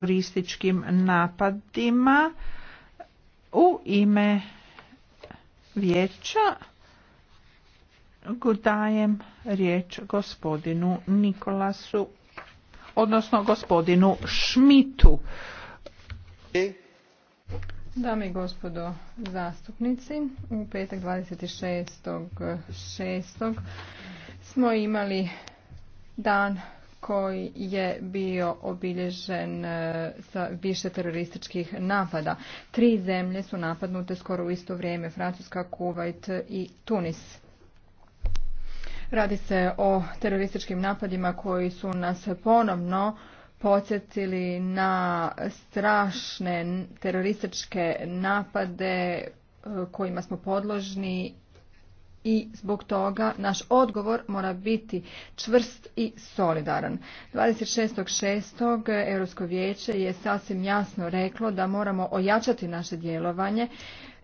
turističkim napadima u ime vijeća dajem riječ gospodinu Nikolasu odnosno gospodinu Šmitu Dame i gospodo zastupnici, u petak 26.6. smo imali dan koji je bio obilježen e, sa više terorističkih napada. Tri zemlje su napadnute skoro u isto vrijeme, Francuska, Kuwait i Tunis. Radi se o terorističkim napadima koji su nas ponovno podsjetili na strašne terorističke napade e, kojima smo podložni i zbog toga naš odgovor mora biti čvrst i solidaran. 26.6. Europsko vijeće je sasvim jasno reklo da moramo ojačati naše djelovanje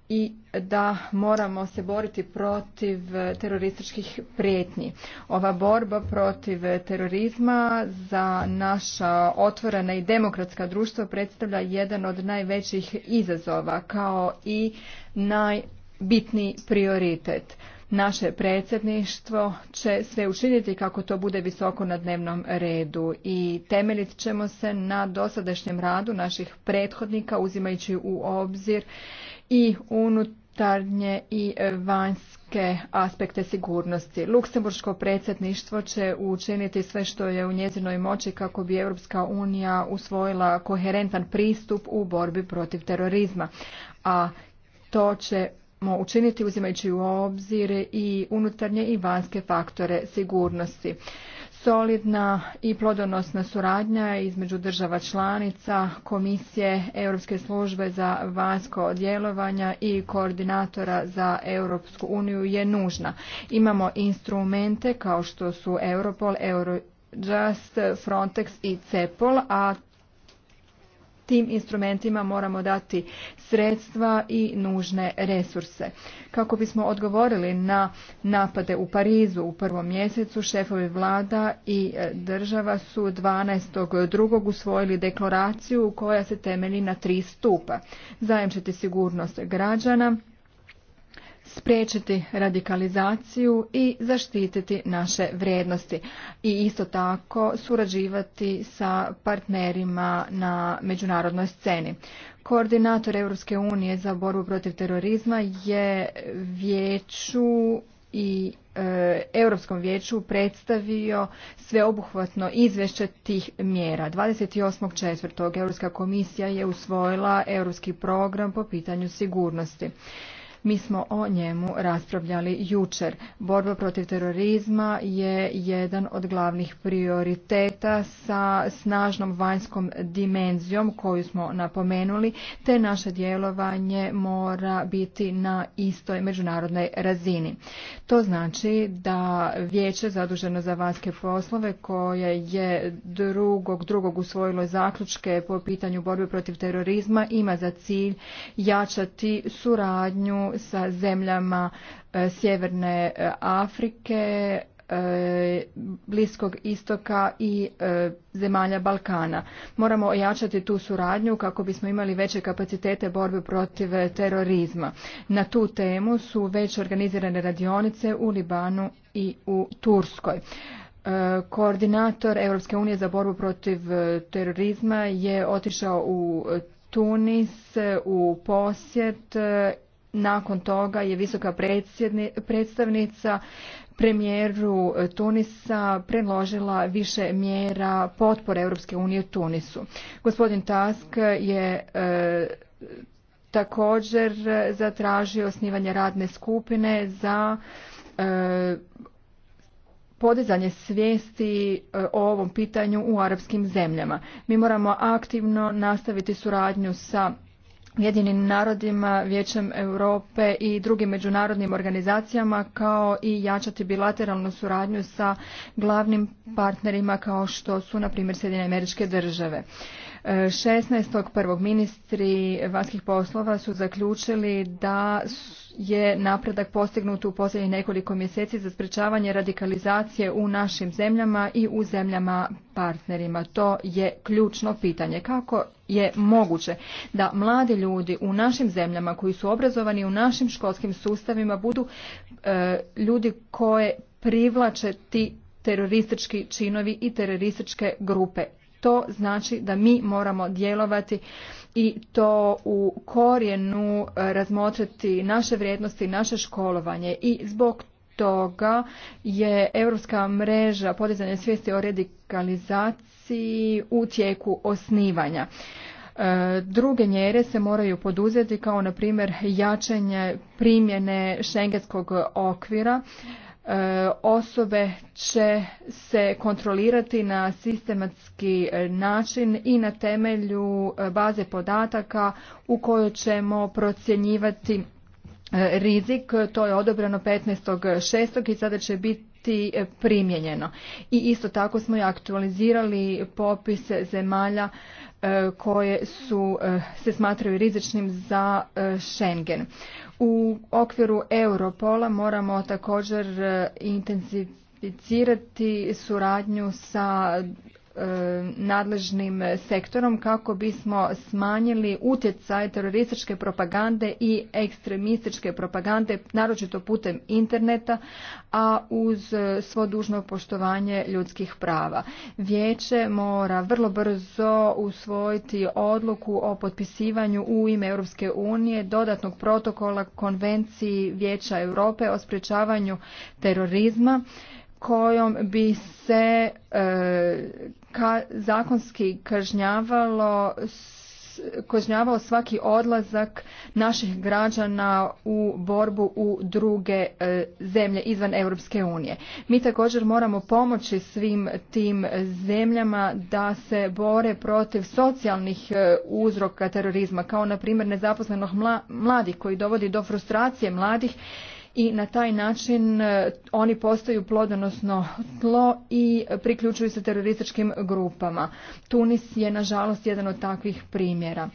i da moramo se boriti protiv terorističkih prijetnji. Ova borba protiv terorizma za naša otvorena i demokratska društva predstavlja jedan od najvećih izazova kao i najbitniji prioritet. Naše predsjedništvo će sve učiniti kako to bude visoko na dnevnom redu i temeljit ćemo se na dosadašnjem radu naših prethodnika uzimajući u obzir i unutarnje i vanjske aspekte sigurnosti. Luksemburško predsjedništvo će učiniti sve što je u njezinoj moći kako bi Europska unija usvojila koherentan pristup u borbi protiv terorizma, a to će učiniti uzimajući u obzir i unutarnje i vanjske faktore sigurnosti. Solidna i plodonosna suradnja između država članica, komisije, Europske službe za vanjsko djelovanja i koordinatora za Europsku uniju je nužna. Imamo instrumente kao što su Europol, Eurojust, Frontex i Cepol, a tim instrumentima moramo dati sredstva i nužne resurse. Kako bismo odgovorili na napade u Parizu u prvom mjesecu, šefovi vlada i e, država su 12.2. usvojili deklaraciju koja se temelji na tri stupa. Zajemčiti sigurnost građana, spriječiti radikalizaciju i zaštititi naše vrijednosti i isto tako surađivati sa partnerima na međunarodnoj sceni. Koordinator Europske unije za borbu protiv terorizma je vijeću i e, Europskom vijeću predstavio sveobuhvatno izvješće tih mjera. četvrtog Europska komisija je usvojila europski program po pitanju sigurnosti. Mi smo o njemu raspravljali jučer. Borba protiv terorizma je jedan od glavnih prioriteta sa snažnom vanjskom dimenzijom koju smo napomenuli, te naše djelovanje mora biti na istoj međunarodnoj razini. To znači da vijeće zaduženo za vanjske poslove koje je drugog drugog usvojilo zaključke po pitanju borbe protiv terorizma ima za cilj jačati suradnju sa zemljama e, Sjeverne e, Afrike, e, Bliskog istoka i zemalja Balkana. Moramo ojačati tu suradnju kako bismo imali veće kapacitete borbe protiv terorizma. Na tu temu su već organizirane radionice u Libanu i u Turskoj. Koordinator Europske unije za borbu protiv terorizma je otišao u Tunis u posjet nakon toga je visoka predstavnica premijeru Tunisa predložila više mjera potpore Europske unije Tunisu. Gospodin Task je e, također zatražio osnivanje radne skupine za e, podizanje svijesti e, o ovom pitanju u arapskim zemljama. Mi moramo aktivno nastaviti suradnju sa Ujedinim narodima, Vijećem Europe i drugim međunarodnim organizacijama kao i jačati bilateralnu suradnju sa glavnim partnerima kao što su na primjer Sjedinjene američke države prvog ministri vanjskih poslova su zaključili da je napredak postignut u posljednjih nekoliko mjeseci za sprečavanje radikalizacije u našim zemljama i u zemljama partnerima. To je ključno pitanje. Kako je moguće da mladi ljudi u našim zemljama koji su obrazovani u našim školskim sustavima budu e, ljudi koje privlače ti teroristički činovi i terorističke grupe. To znači da mi moramo djelovati i to u korijenu e, razmotriti naše vrijednosti, naše školovanje i zbog toga je Europska mreža podizanja svijesti o radikalizaciji u tijeku osnivanja. E, druge mjere se moraju poduzeti kao na primjer jačanje primjene šengenskog okvira E, osobe će se kontrolirati na sistematski e, način i na temelju e, baze podataka u kojoj ćemo procjenjivati rizik. To je odobreno 15.6. i sada će biti primjenjeno. I isto tako smo i aktualizirali popis zemalja koje su, se smatraju rizičnim za Schengen. U okviru Europola moramo također e, intenzificirati suradnju sa Eh, nadležnim sektorom kako bismo smanjili utjecaj terorističke propagande i ekstremističke propagande, naročito putem interneta, a uz eh, svo dužno poštovanje ljudskih prava. Vijeće mora vrlo brzo usvojiti odluku o potpisivanju u ime Europske unije dodatnog protokola Konvenciji Vijeća Europe o sprječavanju terorizma kojom bi se eh, zakonski kažnjavalo kažnjavao svaki odlazak naših građana u borbu u druge e, zemlje izvan Europske unije. Mi također moramo pomoći svim tim zemljama da se bore protiv socijalnih e, uzroka terorizma, kao na primjer nezaposlenog mladih koji dovodi do frustracije mladih i na taj način e, oni postaju plodonosno tlo i priključuju se terorističkim grupama. Tunis je nažalost jedan od takvih primjera.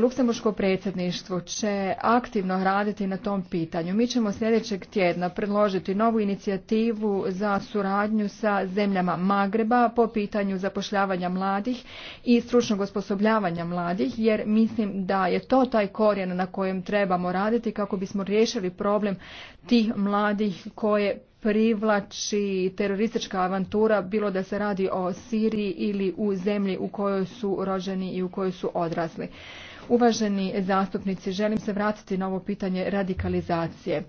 Luksemburško predsjedništvo će aktivno raditi na tom pitanju. Mi ćemo sljedećeg tjedna predložiti novu inicijativu za suradnju sa zemljama Magreba po pitanju zapošljavanja mladih i stručnog osposobljavanja mladih jer mislim da je to taj korijen na kojem trebamo raditi kako bismo riješili problem tih mladih koje privlači teroristička avantura, bilo da se radi o Siriji ili u zemlji u kojoj su rođeni i u kojoj su odrasli. Uvaženi zastupnici, želim se vratiti na ovo pitanje radikalizacije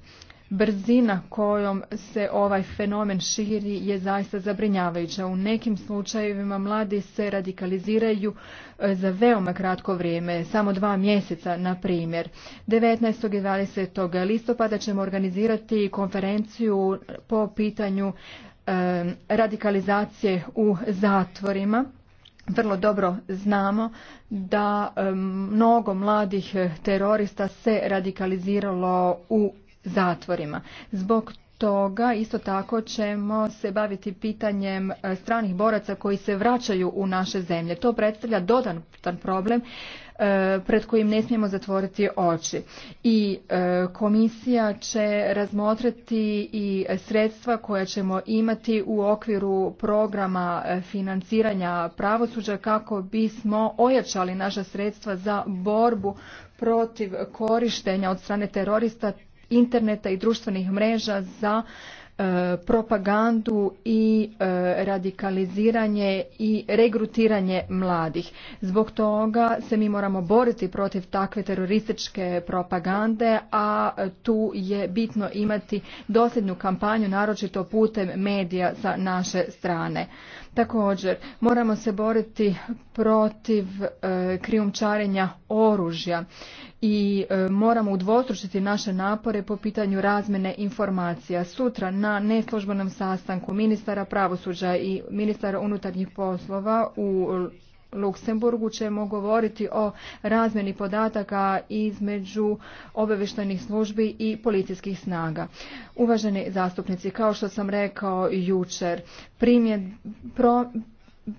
brzina kojom se ovaj fenomen širi je zaista zabrinjavajuća. U nekim slučajevima mladi se radikaliziraju e, za veoma kratko vrijeme, samo dva mjeseca na primjer. 19. i 20. listopada ćemo organizirati konferenciju po pitanju e, radikalizacije u zatvorima vrlo dobro znamo da e, mnogo mladih terorista se radikaliziralo u zatvorima. Zbog toga isto tako ćemo se baviti pitanjem e, stranih boraca koji se vraćaju u naše zemlje. To predstavlja dodan problem e, pred kojim ne smijemo zatvoriti oči. I e, komisija će razmotriti i sredstva koja ćemo imati u okviru programa financiranja pravosuđa kako bismo ojačali naša sredstva za borbu protiv korištenja od strane terorista interneta i društvenih mreža za e, propagandu i e, radikaliziranje i regrutiranje mladih. Zbog toga se mi moramo boriti protiv takve terorističke propagande, a tu je bitno imati dosljednu kampanju, naročito putem medija sa naše strane. Također, moramo se boriti protiv e, krijumčarenja oružja i e, moramo udvostručiti naše napore po pitanju razmene informacija. Sutra na neslužbenom sastanku ministara pravosuđa i ministara unutarnjih poslova u Luksemburgu ćemo govoriti o razmjeni podataka između obavještajnih službi i policijskih snaga. Uvaženi zastupnici, kao što sam rekao jučer,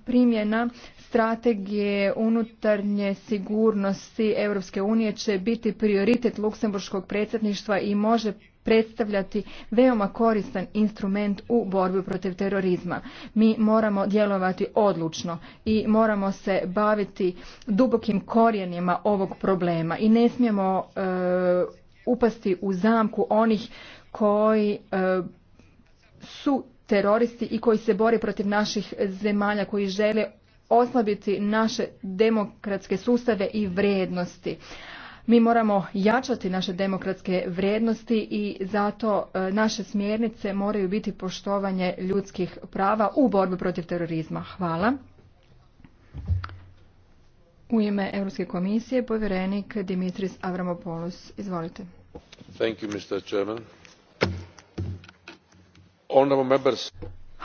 primjena strategije unutarnje sigurnosti Europske unije će biti prioritet luksemburškog predsjedništva i može predstavljati veoma koristan instrument u borbi protiv terorizma. Mi moramo djelovati odlučno i moramo se baviti dubokim korijenima ovog problema i ne smijemo e, upasti u zamku onih koji e, su teroristi i koji se bore protiv naših zemalja koji žele oslabiti naše demokratske sustave i vrijednosti mi moramo jačati naše demokratske vrijednosti i zato e, naše smjernice moraju biti poštovanje ljudskih prava u borbi protiv terorizma. Hvala. U ime Europske komisije povjerenik Dimitris Avramopoulos. Izvolite. Thank you, Mr. Chairman.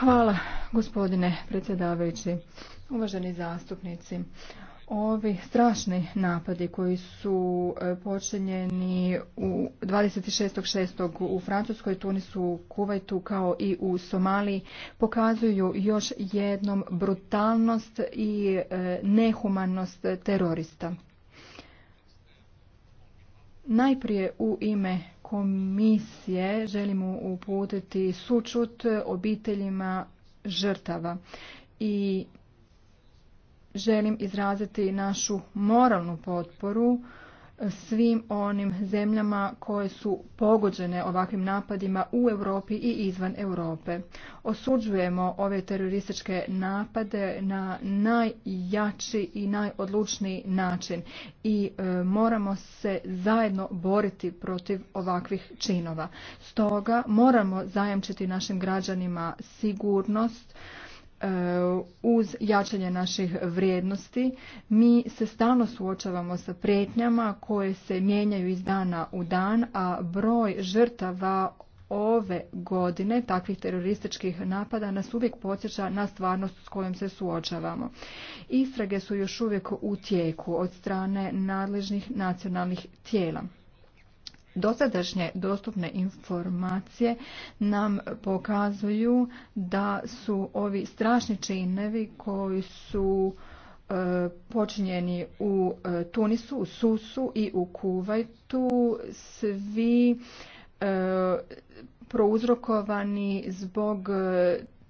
Hvala gospodine predsjedavajući, uvaženi zastupnici. Ovi strašni napadi koji su e, počinjeni u 26.6. u Francuskoj, Tunisu, Kuvajtu kao i u Somaliji pokazuju još jednom brutalnost i e, nehumanost terorista. Najprije u ime komisije želimo uputiti sučut obiteljima žrtava i želim izraziti našu moralnu potporu e, svim onim zemljama koje su pogođene ovakvim napadima u Europi i izvan Europe. Osuđujemo ove terorističke napade na najjači i najodlučniji način i e, moramo se zajedno boriti protiv ovakvih činova. Stoga moramo zajamčiti našim građanima sigurnost E, uz jačanje naših vrijednosti mi se stalno suočavamo sa prijetnjama koje se mijenjaju iz dana u dan, a broj žrtava ove godine takvih terorističkih napada nas uvijek podsjeća na stvarnost s kojom se suočavamo. Istrage su još uvijek u tijeku od strane nadležnih nacionalnih tijela. Dosadašnje dostupne informacije nam pokazuju da su ovi strašni činevi koji su e, počinjeni u e, Tunisu, u Susu i u Kuvajtu svi e, prouzrokovani zbog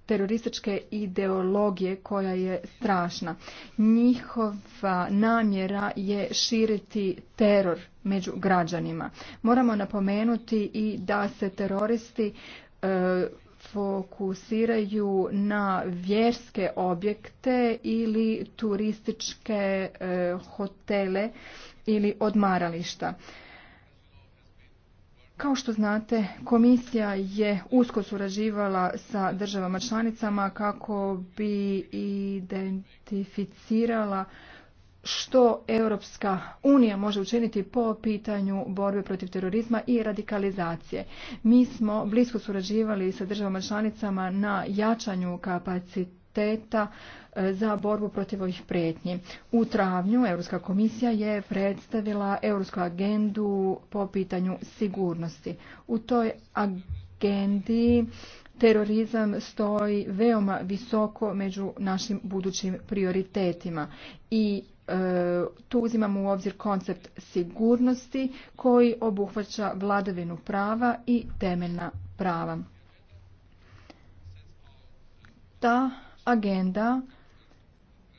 terorističke ideologije koja je strašna. Njihova namjera je širiti teror među građanima. Moramo napomenuti i da se teroristi e, fokusiraju na vjerske objekte ili turističke e, hotele ili odmarališta. Kao što znate, komisija je usko surađivala sa državama članicama kako bi identificirala što Europska unija može učiniti po pitanju borbe protiv terorizma i radikalizacije. Mi smo blisko surađivali sa državama članicama na jačanju kapaciteta E, za borbu protiv ovih prijetnji. U travnju Europska komisija je predstavila Europsku agendu po pitanju sigurnosti. U toj agendi terorizam stoji veoma visoko među našim budućim prioritetima i e, tu uzimamo u obzir koncept sigurnosti koji obuhvaća vladavinu prava i temeljna prava. Ta agenda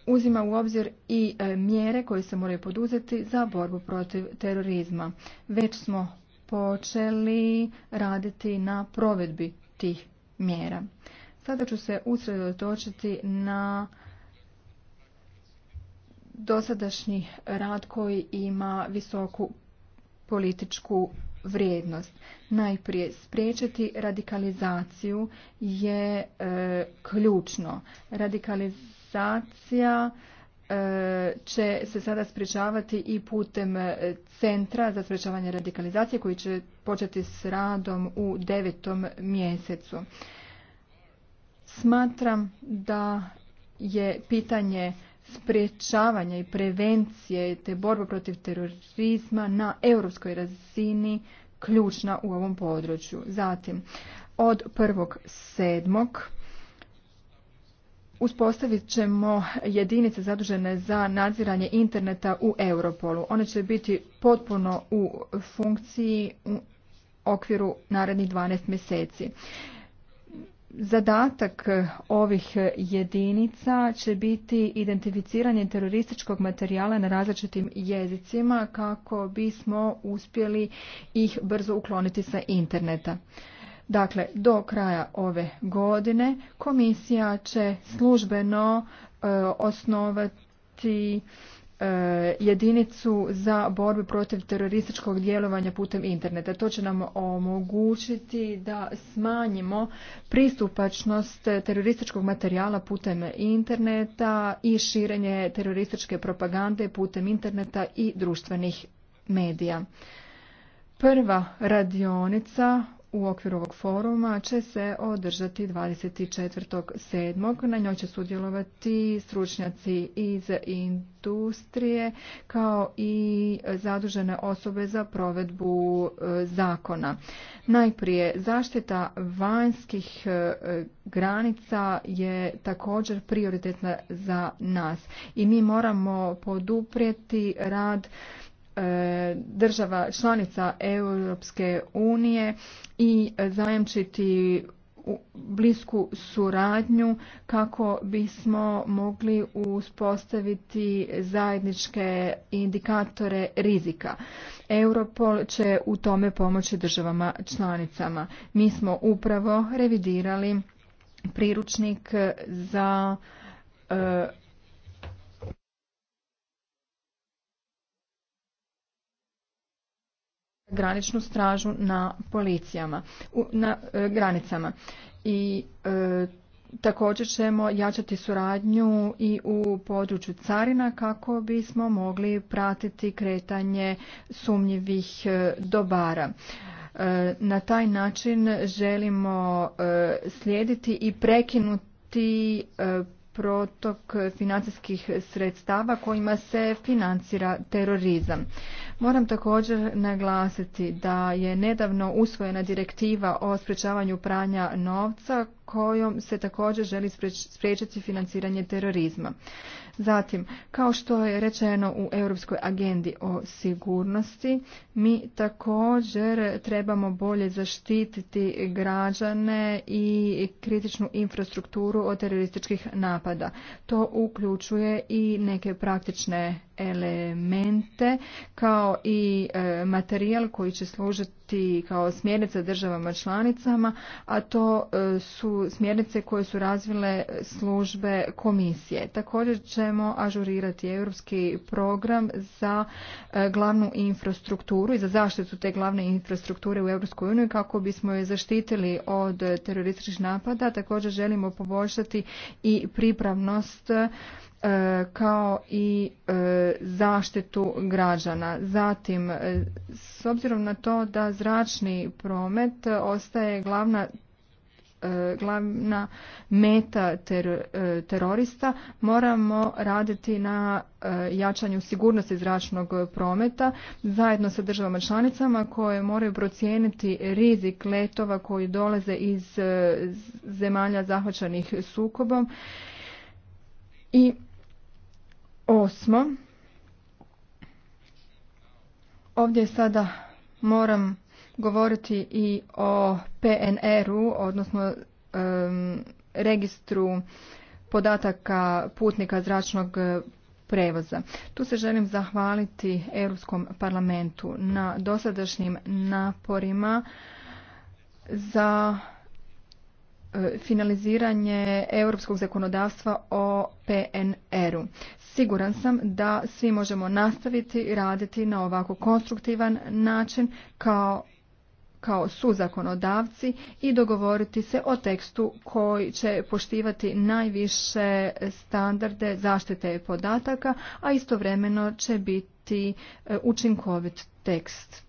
uzima u obzir i e, mjere koje se moraju poduzeti za borbu protiv terorizma. Već smo počeli raditi na provedbi tih mjera. Sada ću se usredotočiti na dosadašnji rad koji ima visoku političku vrijednost. Najprije spriječiti radikalizaciju je e, ključno. Radikalizacija e, će se sada spriječavati i putem e, centra za sprječavanje radikalizacije koji će početi s radom u devetom mjesecu. Smatram da je pitanje sprječavanja i prevencije te borbe protiv terorizma na europskoj razini ključna u ovom području. Zatim, od 1.7. Uspostavit ćemo jedinice zadužene za nadziranje interneta u Europolu. One će biti potpuno u funkciji u okviru narednih 12 mjeseci. Zadatak eh, ovih jedinica će biti identificiranje terorističkog materijala na različitim jezicima kako bismo uspjeli ih brzo ukloniti sa interneta. Dakle, do kraja ove godine komisija će službeno eh, osnovati E, jedinicu za borbu protiv terorističkog djelovanja putem interneta. To će nam omogućiti da smanjimo pristupačnost terorističkog materijala putem interneta i širenje terorističke propagande putem interneta i društvenih medija. Prva radionica u okviru ovog foruma će se održati 24.7. Na njoj će sudjelovati stručnjaci iz industrije kao i zadužene osobe za provedbu e, zakona. Najprije, zaštita vanjskih e, granica je također prioritetna za nas i mi moramo poduprijeti rad E, država članica Europske unije i zajamčiti blisku suradnju kako bismo mogli uspostaviti zajedničke indikatore rizika. Europol će u tome pomoći državama članicama. Mi smo upravo revidirali priručnik za e, graničnu stražu na policijama, na e, granicama. I e, također ćemo jačati suradnju i u području carina kako bismo mogli pratiti kretanje sumnjivih e, dobara. na taj način želimo slijediti i prekinuti protok financijskih sredstava kojima se financira terorizam. Moram također naglasiti da je nedavno usvojena direktiva o sprečavanju pranja novca kojom se također želi spriječiti financiranje terorizma. Zatim, kao što je rečeno u Europskoj agendi o sigurnosti, mi također trebamo bolje zaštititi građane i kritičnu infrastrukturu od terorističkih napada. To uključuje i neke praktične elemente kao i e, materijal koji će služiti kao smjernica državama članicama, a to e, su smjernice koje su razvile službe komisije. Također ćemo ažurirati europski program za e, glavnu infrastrukturu i za zaštitu te glavne infrastrukture u EU kako bismo je zaštitili od terorističkih napada. Također želimo poboljšati i pripravnost E, kao i e, zaštitu građana. Zatim, e, s obzirom na to da zračni promet ostaje glavna glavna meta terorista, moramo raditi na jačanju sigurnosti zračnog prometa zajedno sa državama članicama koje moraju procijeniti rizik letova koji dolaze iz zemalja zahvaćenih sukobom i Osmo. Ovdje sada moram govoriti i o PNR-u, odnosno registru podataka putnika zračnog prevoza. Tu se želim zahvaliti Europskom parlamentu na dosadašnjim naporima za E, finaliziranje europskog zakonodavstva o PNR-u. Siguran sam da svi možemo nastaviti raditi na ovako konstruktivan način kao kao zakonodavci i dogovoriti se o tekstu koji će poštivati najviše standarde zaštite podataka, a istovremeno će biti e, učinkovit tekst.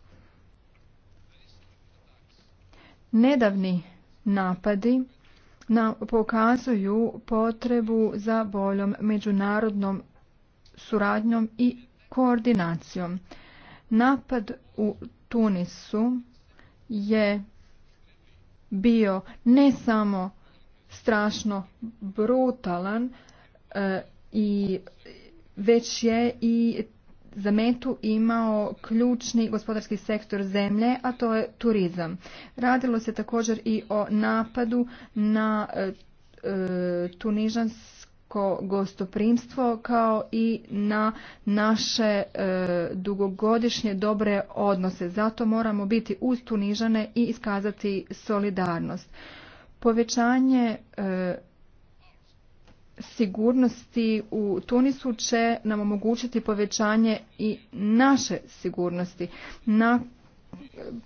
Nedavni napadi nam pokazuju potrebu za boljom međunarodnom suradnjom i koordinacijom. Napad u Tunisu je bio ne samo strašno brutalan e, i već je i za metu imao ključni gospodarski sektor zemlje, a to je turizam. Radilo se također i o napadu na e, e, tunižansko gostoprimstvo kao i na naše e, dugogodišnje dobre odnose. Zato moramo biti uz Tunižane i iskazati solidarnost. Povećanje sigurnosti u Tunisu će nam omogućiti povećanje i naše sigurnosti. Na,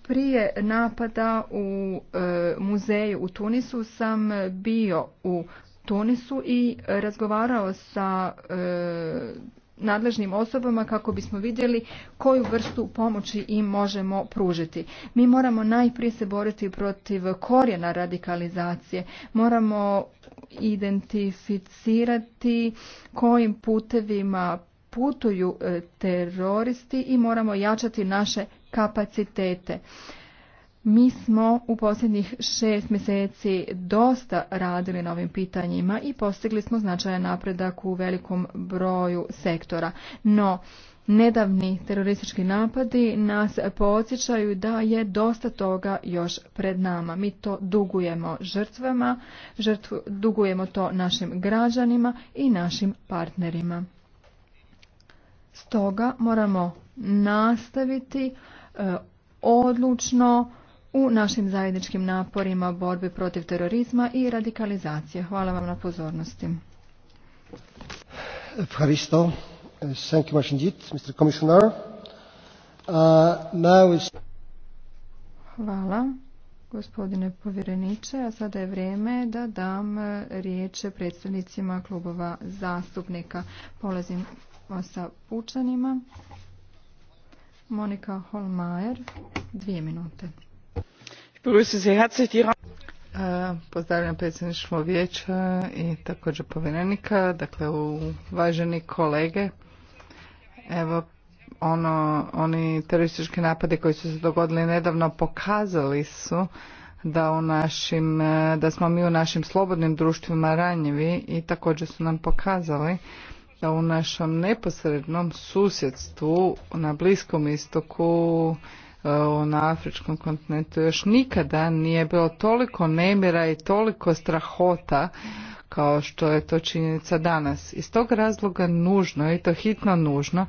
prije napada u e, muzeju u Tunisu sam bio u Tunisu i razgovarao sa e, nadležnim osobama kako bismo vidjeli koju vrstu pomoći im možemo pružiti. Mi moramo najprije se boriti protiv korijena radikalizacije. Moramo identificirati kojim putevima putuju e, teroristi i moramo jačati naše kapacitete. Mi smo u posljednjih šest mjeseci dosta radili na ovim pitanjima i postigli smo značajan napredak u velikom broju sektora. No, nedavni teroristički napadi nas podsjećaju da je dosta toga još pred nama. Mi to dugujemo žrtvama, dugujemo to našim građanima i našim partnerima. Stoga moramo nastaviti e, odlučno u našim zajedničkim naporima borbi protiv terorizma i radikalizacije. Hvala vam na pozornosti. Hvala, gospodine povjereniče. A sada je vrijeme da dam e, riječ predstavnicima klubova zastupnika. Polazim sa pučanima. Monika Holmajer, dvije minute. Pozdravljam predsjedništvo vijeća i također povjerenika, dakle uvaženi kolege. Evo, ono, oni teroristički napadi koji su se dogodili nedavno pokazali su da u našim, e, da smo mi u našim slobodnim društvima ranjivi i također su nam pokazali da u našem neposrednom susjedstvu na Bliskom istoku na afričkom kontinentu još nikada nije bilo toliko nemira i toliko strahota kao što je to činjenica danas. Iz tog razloga nužno i to hitno nužno,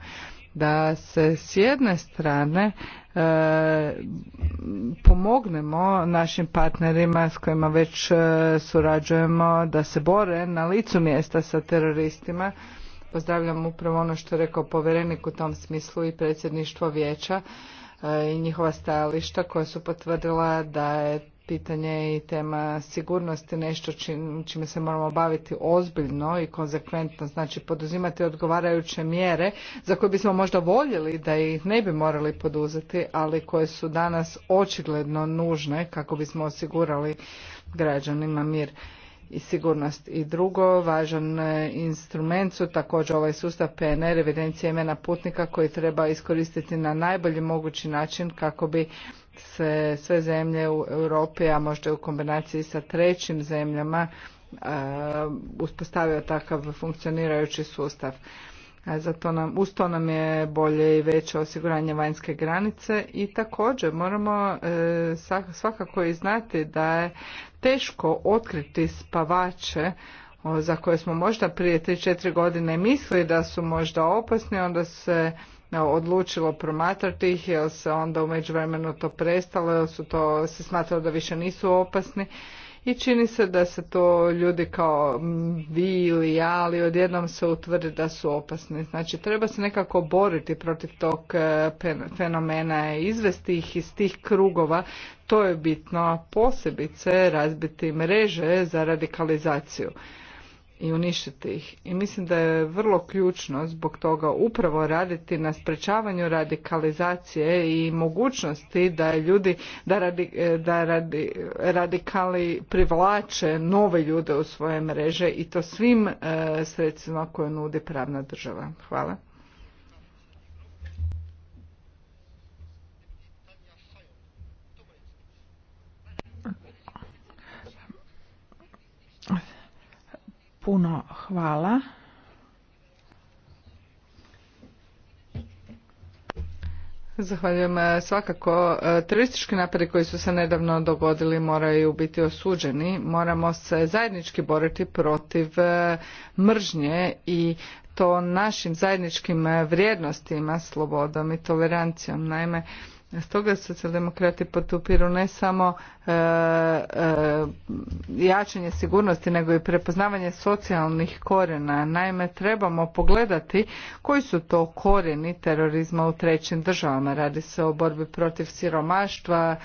da se s jedne strane e, pomognemo našim partnerima s kojima već e, surađujemo da se bore na licu mjesta sa teroristima. Pozdravljam upravo ono što je rekao povjerenik u tom smislu i predsjedništvo vijeća i njihova stajališta koja su potvrdila da je pitanje i tema sigurnosti nešto čime se moramo baviti ozbiljno i konsekventno, znači poduzimati odgovarajuće mjere za koje bismo možda voljeli da ih ne bi morali poduzeti, ali koje su danas očigledno nužne kako bismo osigurali građanima mir i sigurnost. I drugo, važan e, instrument su također ovaj sustav PNR, evidencija imena putnika koji treba iskoristiti na najbolji mogući način kako bi se sve zemlje u Europi, a možda u kombinaciji sa trećim zemljama, e, uspostavio takav funkcionirajući sustav. A zato nam, uz to nam je bolje i veće osiguranje vanjske granice i također moramo e, svakako i znati da je teško otkriti spavače za koje smo možda prije 3-4 godine mislili da su možda opasni, onda se e, odlučilo promatrati ih jer se onda u međuvremenu to prestalo jer su to se smatralo da više nisu opasni i čini se da se to ljudi kao mm, vi ili ja, ali odjednom se utvrdi da su opasni. Znači treba se nekako boriti protiv tog e, fenomena, izvesti ih iz tih krugova, to je bitno, a posebice razbiti mreže za radikalizaciju i uništiti ih. I mislim da je vrlo ključno zbog toga upravo raditi na sprečavanju radikalizacije i mogućnosti da ljudi, da, radi, radikali privlače nove ljude u svoje mreže i to svim e, sredstvima koje nudi pravna država. Hvala. Puno hvala. Zahvaljujem. E, svakako, e, teroristički napadi koji su se nedavno dogodili moraju biti osuđeni. Moramo se zajednički boriti protiv e, mržnje i to našim zajedničkim vrijednostima, slobodom i tolerancijom. Naime, Stoga socijaldemokrati potupiru ne samo e, e, jačanje sigurnosti, nego i prepoznavanje socijalnih korena. Naime, trebamo pogledati koji su to koreni terorizma u trećim državama. Radi se o borbi protiv siromaštva,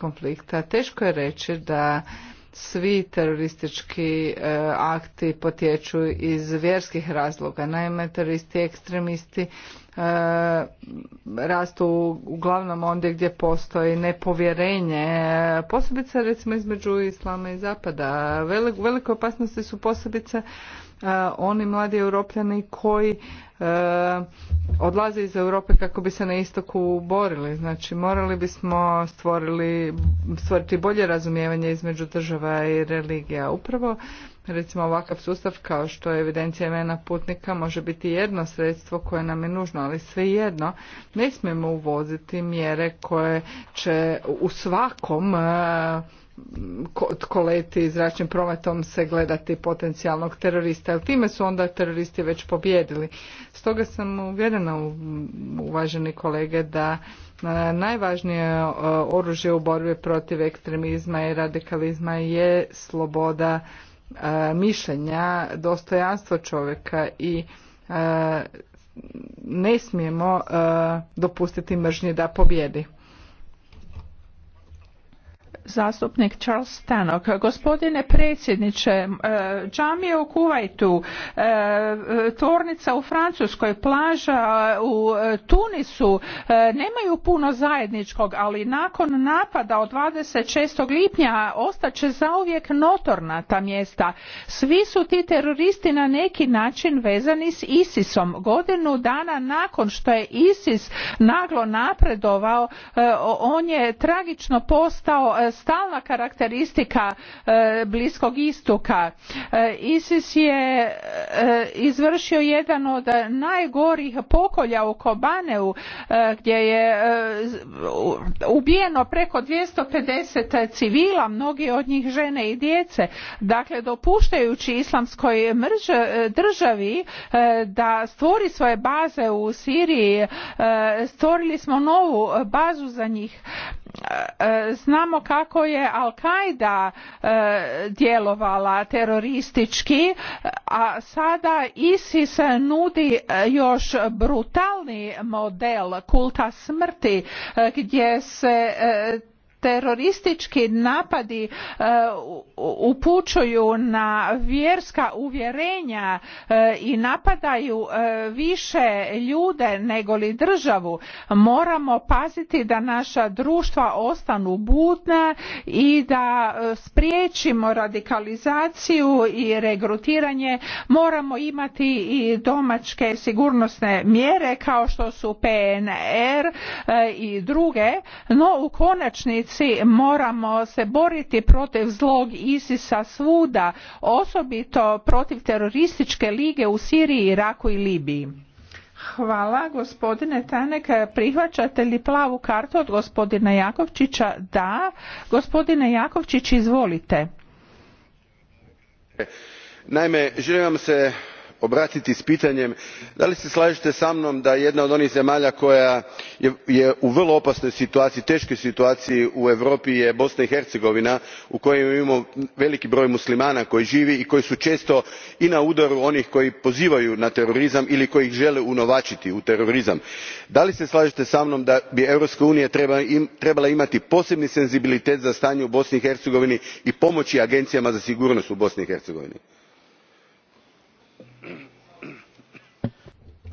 konflikta. Teško je reći da svi teroristički e, akti potječu iz vjerskih razloga. Naime, teroristi i ekstremisti e, rastu uglavnom ondje gdje postoji nepovjerenje, e, posebice recimo između islama i zapada. Velik, velike opasnosti su posebice oni mladi europljani koji e, odlaze iz Europe kako bi se na istoku borili. Znači morali bismo stvorili, stvoriti bolje razumijevanje između država i religija. Upravo recimo ovakav sustav kao što je evidencija imena putnika može biti jedno sredstvo koje nam je nužno, ali svejedno ne smijemo uvoziti mjere koje će u svakom e, tko leti zračnim prometom se gledati potencijalnog terorista, jer time su onda teroristi već pobjedili. Stoga sam uvjerena, uvaženi kolege, da e, najvažnije e, oružje u borbi protiv ekstremizma i radikalizma je sloboda e, mišljenja, dostojanstvo čovjeka i ne smijemo dopustiti mržnje da pobjedi zastupnik Charles Stanok. Gospodine predsjedniče, e, džamije u Kuvajtu, e, tvornica u Francuskoj, plaža e, u Tunisu nemaju puno zajedničkog, ali nakon napada od 26. lipnja ostaće zauvijek notorna ta mjesta. Svi su ti teroristi na neki način vezani s ISISom. Godinu dana nakon što je ISIS naglo napredovao, on je tragično postao stalna karakteristika e, bliskog istoka e, isis je e, izvršio jedan od najgorih pokolja u kobaneu gdje je ubijeno preko 250 civila mnogi od njih žene i djece dakle dopuštajući islamskoj mrž, državi da stvori svoje baze u siriji stvorili smo novu bazu za njih E, znamo kako je Al-Qaida e, djelovala teroristički, a sada ISIS nudi e, još brutalni model kulta smrti gdje se teroristički napadi e, upućuju na vjerska uvjerenja e, i napadaju e, više ljude nego li državu moramo paziti da naša društva ostanu budna i da spriječimo radikalizaciju i regrutiranje moramo imati i domaćke sigurnosne mjere kao što su PNR i druge no u konačnici politici moramo se boriti protiv zlog isisa svuda osobito protiv terorističke lige u siriji iraku i libiji Hvala gospodine Tanek. Prihvaćate li plavu kartu od gospodina Jakovčića? Da. Gospodine Jakovčić izvolite. Naime, želim vam se obratiti s pitanjem da li se slažete sa mnom da jedna od onih zemalja koja je u vrlo opasnoj situaciji teškoj situaciji u europi je bosna i hercegovina u kojoj imamo veliki broj muslimana koji živi i koji su često i na udaru onih koji pozivaju na terorizam ili koji ih žele unovačiti u terorizam? Da li se slažete sa mnom da bi europska unija trebala imati posebni senzibilitet za stanje u bosni i hercegovini i pomoći agencijama za sigurnost u bosni i hercegovini?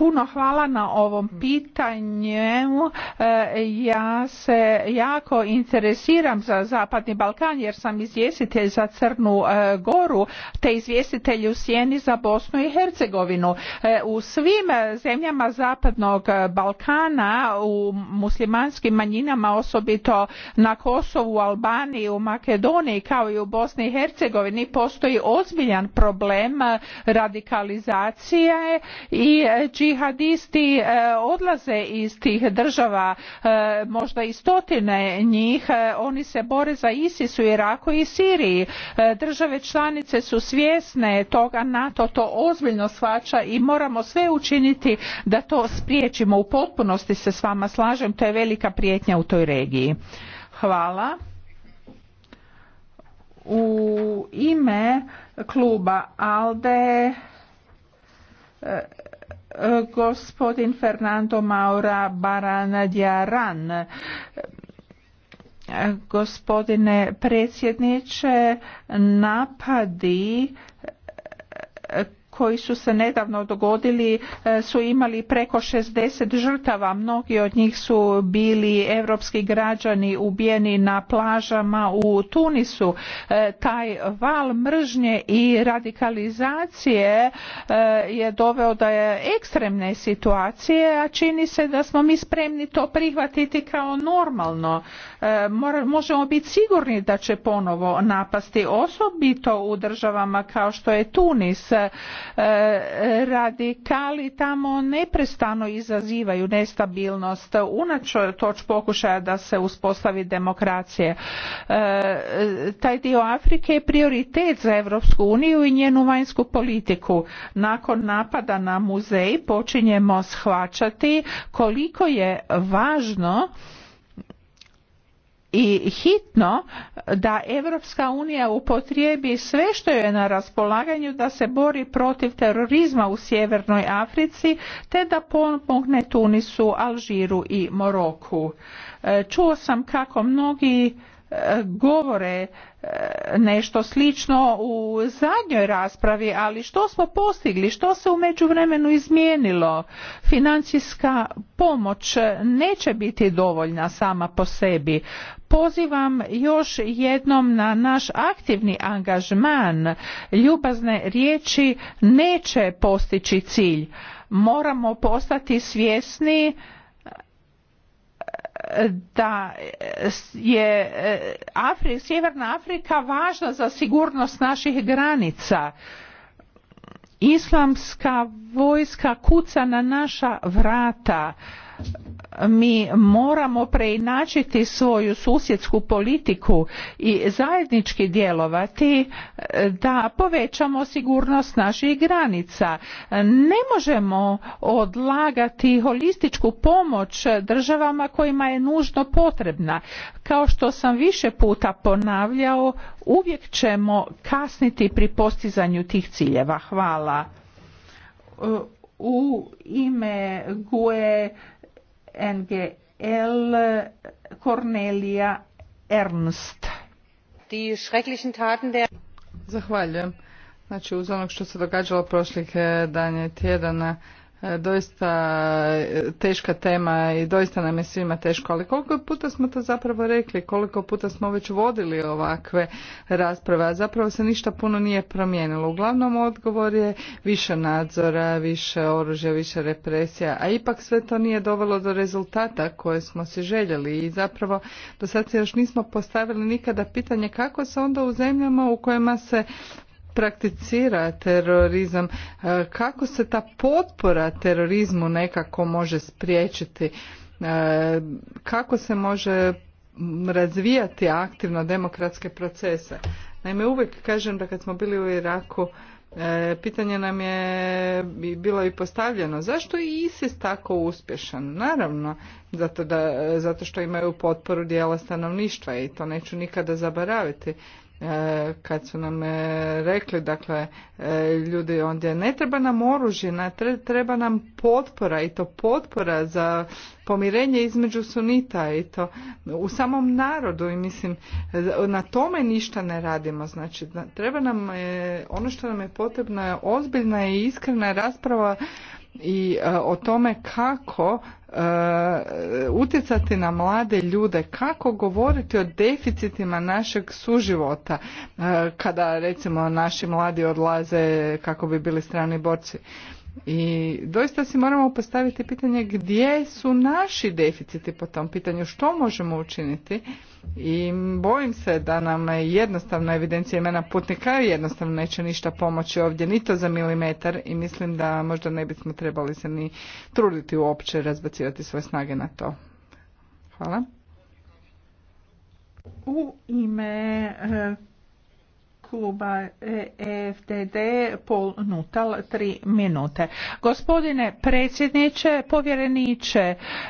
Puno hvala na ovom pitanju. E, ja se jako interesiram za Zapadni Balkan jer sam izvjestitelj za Crnu e, Goru te izvjestitelj u Sjeni za Bosnu i Hercegovinu. E, u svim zemljama Zapadnog Balkana, u muslimanskim manjinama, osobito na Kosovu, Albaniji, u Makedoniji kao i u Bosni i Hercegovini postoji ozbiljan problem radikalizacije i džihadisti e, odlaze iz tih država e, možda i stotine njih e, oni se bore za isis u iraku i siriji države članice su svjesne toga nato to ozbiljno shvaća i moramo sve učiniti da to spriječimo u potpunosti se s vama slažem to je velika prijetnja u toj regiji hvala u ime kluba alde gospodin Fernando Maura Djaran, Gospodine predsjedniče, napadi koji su se nedavno dogodili e, su imali preko 60 žrtava. Mnogi od njih su bili europski građani ubijeni na plažama u Tunisu. E, taj val mržnje i radikalizacije e, je doveo da je ekstremne situacije, a čini se da smo mi spremni to prihvatiti kao normalno možemo biti sigurni da će ponovo napasti osobito u državama kao što je Tunis. E, radikali tamo neprestano izazivaju nestabilnost unatoč pokušaja da se uspostavi demokracija. E, taj dio Afrike je prioritet za Europsku uniju i njenu vanjsku politiku. Nakon napada na muzej počinjemo shvaćati koliko je važno i hitno da Europska unija upotrijebi sve što je na raspolaganju da se bori protiv terorizma u Sjevernoj Africi te da pomogne Tunisu, Alžiru i Moroku. E, čuo sam kako mnogi e, govore nešto slično u zadnjoj raspravi, ali što smo postigli, što se u međuvremenu izmijenilo? Financijska pomoć neće biti dovoljna sama po sebi. Pozivam još jednom na naš aktivni angažman. Ljubazne riječi neće postići cilj. Moramo postati svjesni da je Sjeverna Afrika važna za sigurnost naših granica. Islamska vojska kuca na naša vrata mi moramo preinačiti svoju susjedsku politiku i zajednički djelovati e, da povećamo sigurnost naših granica. Ne možemo odlagati holističku pomoć državama kojima je nužno potrebna. Kao što sam više puta ponavljao, uvijek ćemo kasniti pri postizanju tih ciljeva. Hvala. U ime GUE NGL Cornelia Ernst. Die schrecklichen Taten der... Zahvaljujem. Znači, uz onog što se događalo prošlih eh, danje tjedana, E, doista e, teška tema i doista nam je svima teško, ali koliko puta smo to zapravo rekli, koliko puta smo već vodili ovakve rasprave, a zapravo se ništa puno nije promijenilo. Uglavnom odgovor je više nadzora, više oružja, više represija, a ipak sve to nije dovelo do rezultata koje smo si željeli i zapravo do sad se još nismo postavili nikada pitanje kako se onda u zemljama u kojima se prakticira terorizam, e, kako se ta potpora terorizmu nekako može spriječiti, e, kako se može razvijati aktivno demokratske procese. Naime, uvijek kažem da kad smo bili u Iraku, e, pitanje nam je bilo i postavljeno zašto je ISIS tako uspješan naravno zato, što imaju potporu dijela stanovništva i to neću nikada zaboraviti E, kad su nam e, rekli, dakle, e, ljudi ondje, ne treba nam oružje, treba nam potpora i to potpora za pomirenje između sunita i to u samom narodu i mislim na tome ništa ne radimo znači treba nam ono što nam je potrebno je ozbiljna i iskrena rasprava i e, o tome kako e, utjecati na mlade ljude, kako govoriti o deficitima našeg suživota e, kada recimo naši mladi odlaze kako bi bili strani borci. I doista si moramo postaviti pitanje gdje su naši deficiti po tom pitanju, što možemo učiniti i bojim se da nam jednostavna evidencija imena putnika jednostavno neće ništa pomoći ovdje, ni to za milimetar i mislim da možda ne bismo trebali se ni truditi uopće razbacivati svoje snage na to. Hvala. U ime e, kluba EFDD, Pol Nutal, tri minute. Gospodine predsjedniče, povjereniče,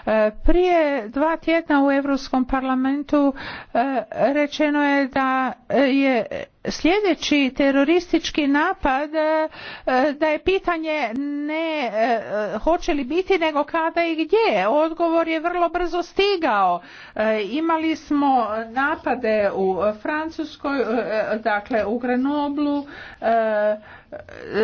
e, prije dva tjedna u Europskom parlamentu e, rečeno je da je sljedeći teroristički napad e, da je pitanje ne e, hoće li biti nego kada i gdje odgovor je vrlo brzo stigao e, imali smo napade u francuskoj dakle u grenoblu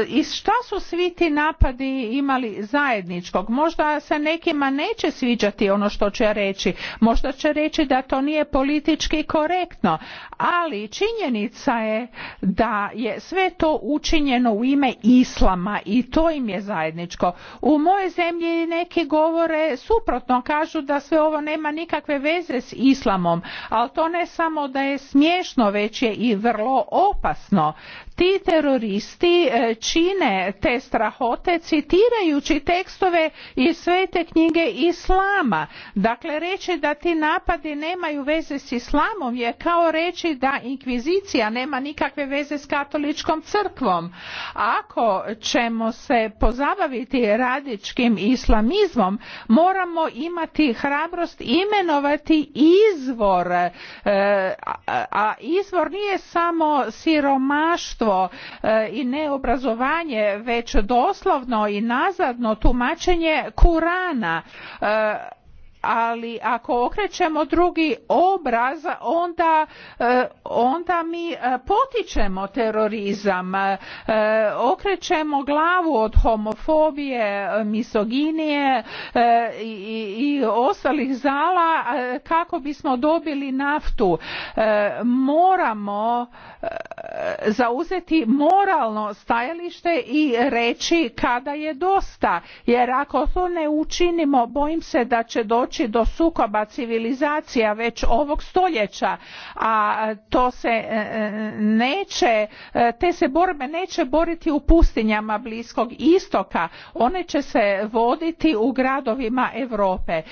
i šta su svi ti napadi imali zajedničkog? Možda se nekima neće sviđati ono što će reći, možda će reći da to nije politički korektno, ali činjenica je da je sve to učinjeno u ime islama i to im je zajedničko. U moje zemlji neki govore suprotno, kažu da sve ovo nema nikakve veze s islamom, ali to ne samo da je smiješno, već je i vrlo opasno ti teroristi e, čine te strahote citirajući tekstove iz svete knjige islama dakle reći da ti napadi nemaju veze s islamom je kao reći da inkvizicija nema nikakve veze s katoličkom crkvom ako ćemo se pozabaviti radičkim islamizmom moramo imati hrabrost imenovati izvor e, a izvor nije samo siromaštvo E, i ne obrazovanje već doslovno i nazadno tumačenje kurana e, ali ako okrećemo drugi obraz onda, e, onda mi e, potičemo terorizam e, okrećemo glavu od homofobije misoginije i, i ostalih zala kako bismo dobili naftu moramo zauzeti moralno stajalište i reći kada je dosta jer ako to ne učinimo bojim se da će doći do sukoba civilizacija već ovog stoljeća a to se e, e, neće e, te se borbe neće boriti u pustinjama bliskog istoka one će se voditi u gradovima europe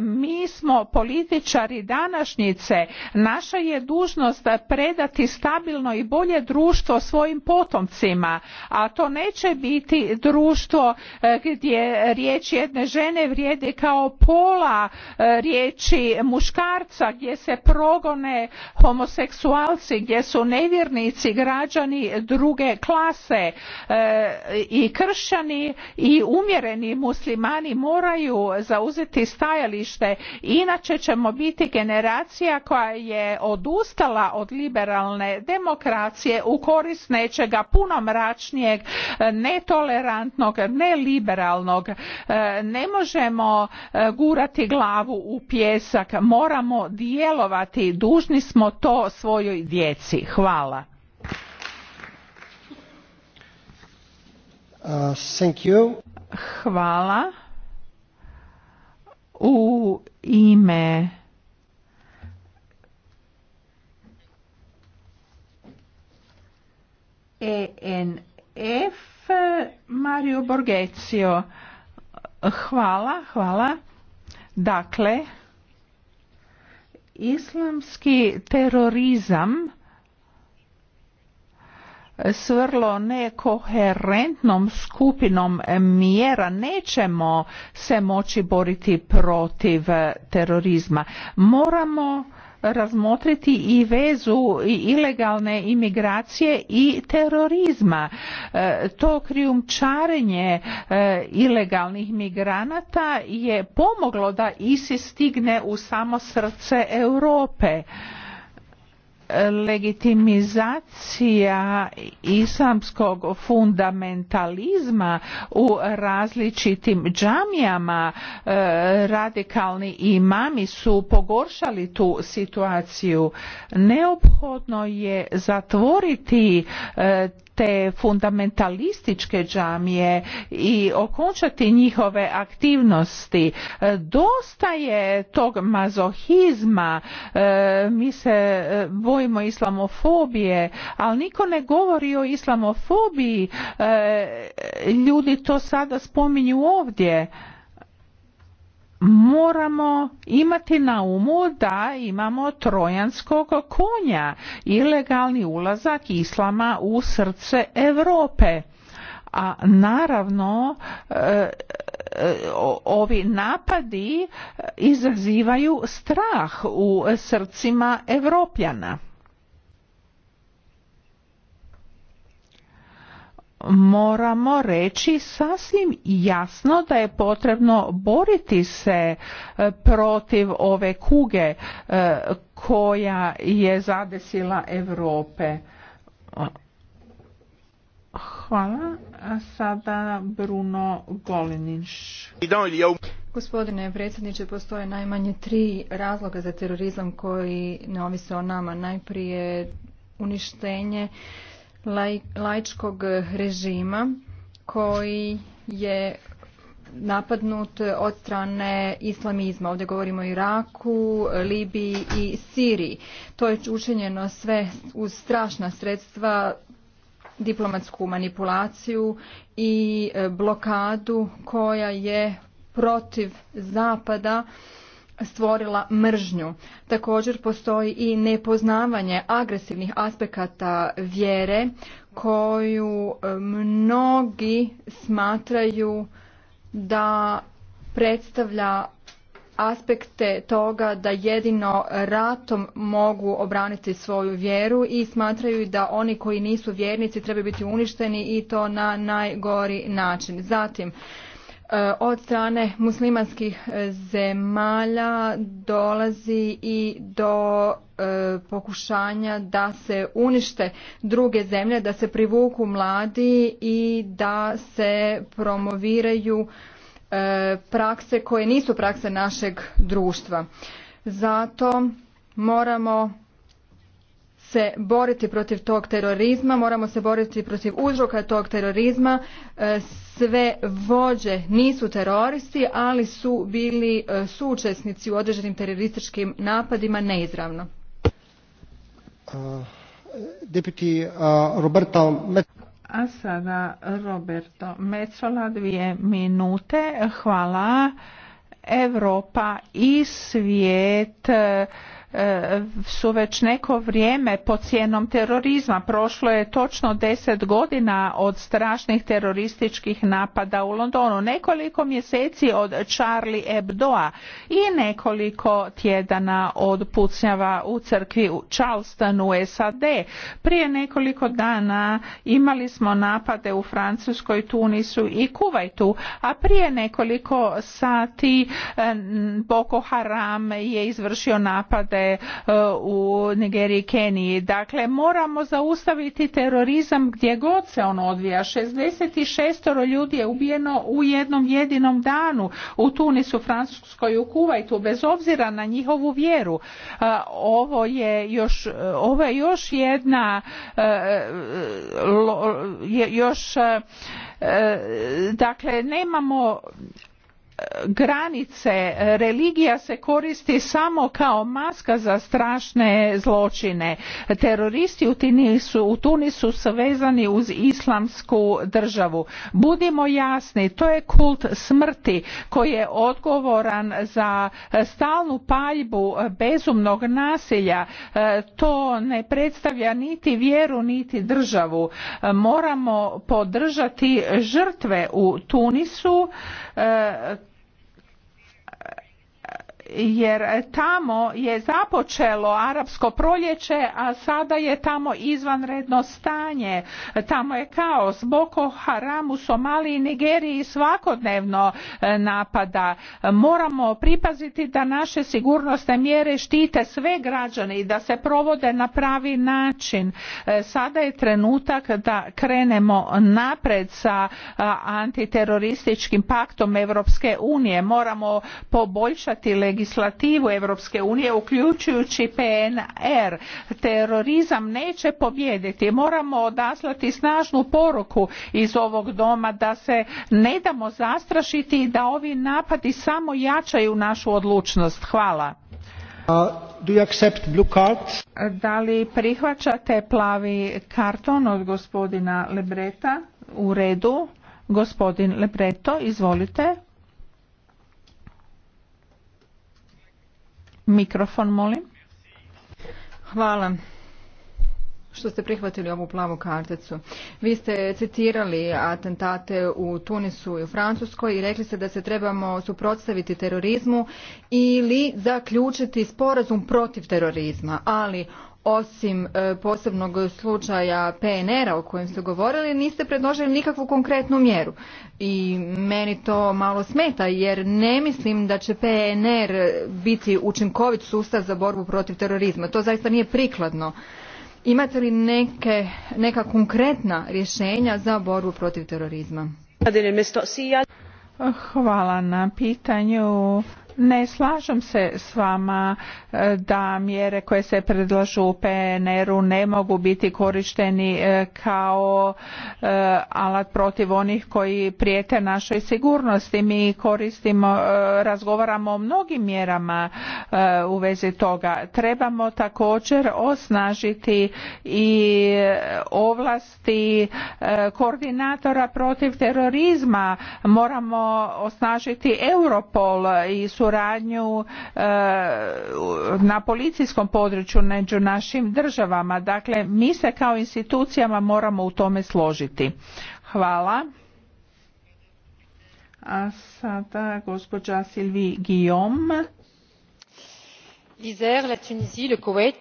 mi smo političari današnjice naša je dužnost predati stabilno i bolje društvo svojim potomcima a to neće biti društvo gdje riječ jedne žene vrijedi kao pola E, riječi muškarca gdje se progone homoseksualci gdje su nevjernici građani druge klase e, i kršćani i umjereni muslimani moraju zauzeti stajalište inače ćemo biti generacija koja je odustala od liberalne demokracije u korist nečega puno mračnijeg netolerantnog neliberalnog e, ne možemo gurati glavu u pjesak moramo djelovati dužni smo to svojoj djeci hvala uh, thank hvala u ime ENF Mario Borgecio. Hvala, hvala. Dakle, islamski terorizam s vrlo nekoherentnom skupinom mjera nećemo se moći boriti protiv terorizma. Moramo razmotriti i vezu ilegalne imigracije i terorizma. E, to krijumčarenje e, ilegalnih migranata je pomoglo da ISIS stigne u samo srce Europe legitimizacija islamskog fundamentalizma u različitim džamijama e, radikalni imami su pogoršali tu situaciju neophodno je zatvoriti e, te fundamentalističke džamije i okončati njihove aktivnosti. E, dosta je tog mazohizma, mi se bojimo bojimo islamofobije, ali niko ne govori o islamofobiji. E, ljudi to sada spominju ovdje moramo imati na umu da imamo trojanskog konja, ilegalni ulazak islama u srce Europe. A naravno e, e, ovi napadi izazivaju strah u srcima Europljana. moramo reći sasvim jasno da je potrebno boriti se e, protiv ove kuge e, koja je zadesila Europe. Hvala. sada Bruno Gospodine predsjedniče, postoje najmanje tri razloga za terorizam koji ne ovise o nama. Najprije uništenje laičkog režima koji je napadnut od strane islamizma. Ovdje govorimo o Iraku, Libiji i Siriji. To je učinjeno sve uz strašna sredstva diplomatsku manipulaciju i e, blokadu koja je protiv zapada stvorila mržnju. Također postoji i nepoznavanje agresivnih aspekata vjere koju e, mnogi smatraju da predstavlja aspekte toga da jedino ratom mogu obraniti svoju vjeru i smatraju da oni koji nisu vjernici trebaju biti uništeni i to na najgori način. Zatim, Eh, od strane muslimanskih eh, zemalja dolazi i do eh, pokušanja da se unište druge zemlje, da se privuku mladi i da se promoviraju prakse koje nisu prakse našeg društva. Zato moramo se boriti protiv tog terorizma, moramo se boriti protiv uzroka tog terorizma. E, sve vođe nisu teroristi, ali su bili e, suučesnici u određenim terorističkim napadima neizravno. a sada Roberto Mecola, dvije minute. Hvala. Europa i svijet E, su već neko vrijeme pod cijenom terorizma. Prošlo je točno deset godina od strašnih terorističkih napada u Londonu, nekoliko mjeseci od Charlie Hebdoa i nekoliko tjedana od pucnjava u crkvi u Charlestonu u SAD. Prije nekoliko dana imali smo napade u Francuskoj, Tunisu i Kuvajtu, a prije nekoliko sati e, Boko Haram je izvršio napade E, u Nigeriji i Keniji. Dakle, moramo zaustaviti terorizam gdje god se on odvija. 66 ljudi je ubijeno u jednom jedinom danu u Tunisu, Francuskoj u Kuvajtu, bez obzira na njihovu vjeru. E, ovo je još, ovo je još jedna e, još dakle nemamo granice religija se koristi samo kao maska za strašne zločine teroristi u tunisu, u su vezani uz islamsku državu budimo jasni to je kult smrti koji je odgovoran za stalnu paljbu bezumnog nasilja to ne predstavlja niti vjeru niti državu moramo podržati žrtve u tunisu jer tamo je započelo arapsko proljeće, a sada je tamo izvanredno stanje. Tamo je kaos. Boko Haram u Somaliji i Nigeriji svakodnevno e, napada. Moramo pripaziti da naše sigurnosne mjere štite sve građane i da se provode na pravi način. E, sada je trenutak da krenemo napred sa e, antiterorističkim paktom Europske unije. Moramo poboljšati legislaciju legislativu Europske unije uključujući PNR. Terorizam neće pobijediti. Moramo odaslati snažnu poruku iz ovog doma da se ne damo zastrašiti i da ovi napadi samo jačaju našu odlučnost. Hvala. Uh, da li prihvaćate plavi karton od gospodina Lebreta? U redu. Gospodin Lebreto, izvolite. Mikrofon, molim. Hvala što ste prihvatili ovu plavu karticu. Vi ste citirali atentate u Tunisu i u Francuskoj i rekli ste da se trebamo suprotstaviti terorizmu ili zaključiti sporazum protiv terorizma. Ali osim e, posebnog slučaja PNR-a o kojem ste govorili, niste predložili nikakvu konkretnu mjeru. I meni to malo smeta jer ne mislim da će PNR biti učinkovit sustav za borbu protiv terorizma. To zaista nije prikladno. Imate li neke, neka konkretna rješenja za borbu protiv terorizma? Hvala na pitanju. Ne slažem se s vama e, da mjere koje se predlažu u PNR-u ne mogu biti korišteni e, kao e, alat protiv onih koji prijete našoj sigurnosti. Mi koristimo, razgovaramo o mnogim mjerama u vezi toga. Trebamo također osnažiti i ovlasti koordinatora protiv terorizma. Moramo osnažiti Europol i suradnju e, na policijskom području među našim državama. Dakle, mi se kao institucijama moramo u tome složiti. Hvala. A sada gospođa Sylvie Guillaume. L'Isère, la Tunisie, le Koweït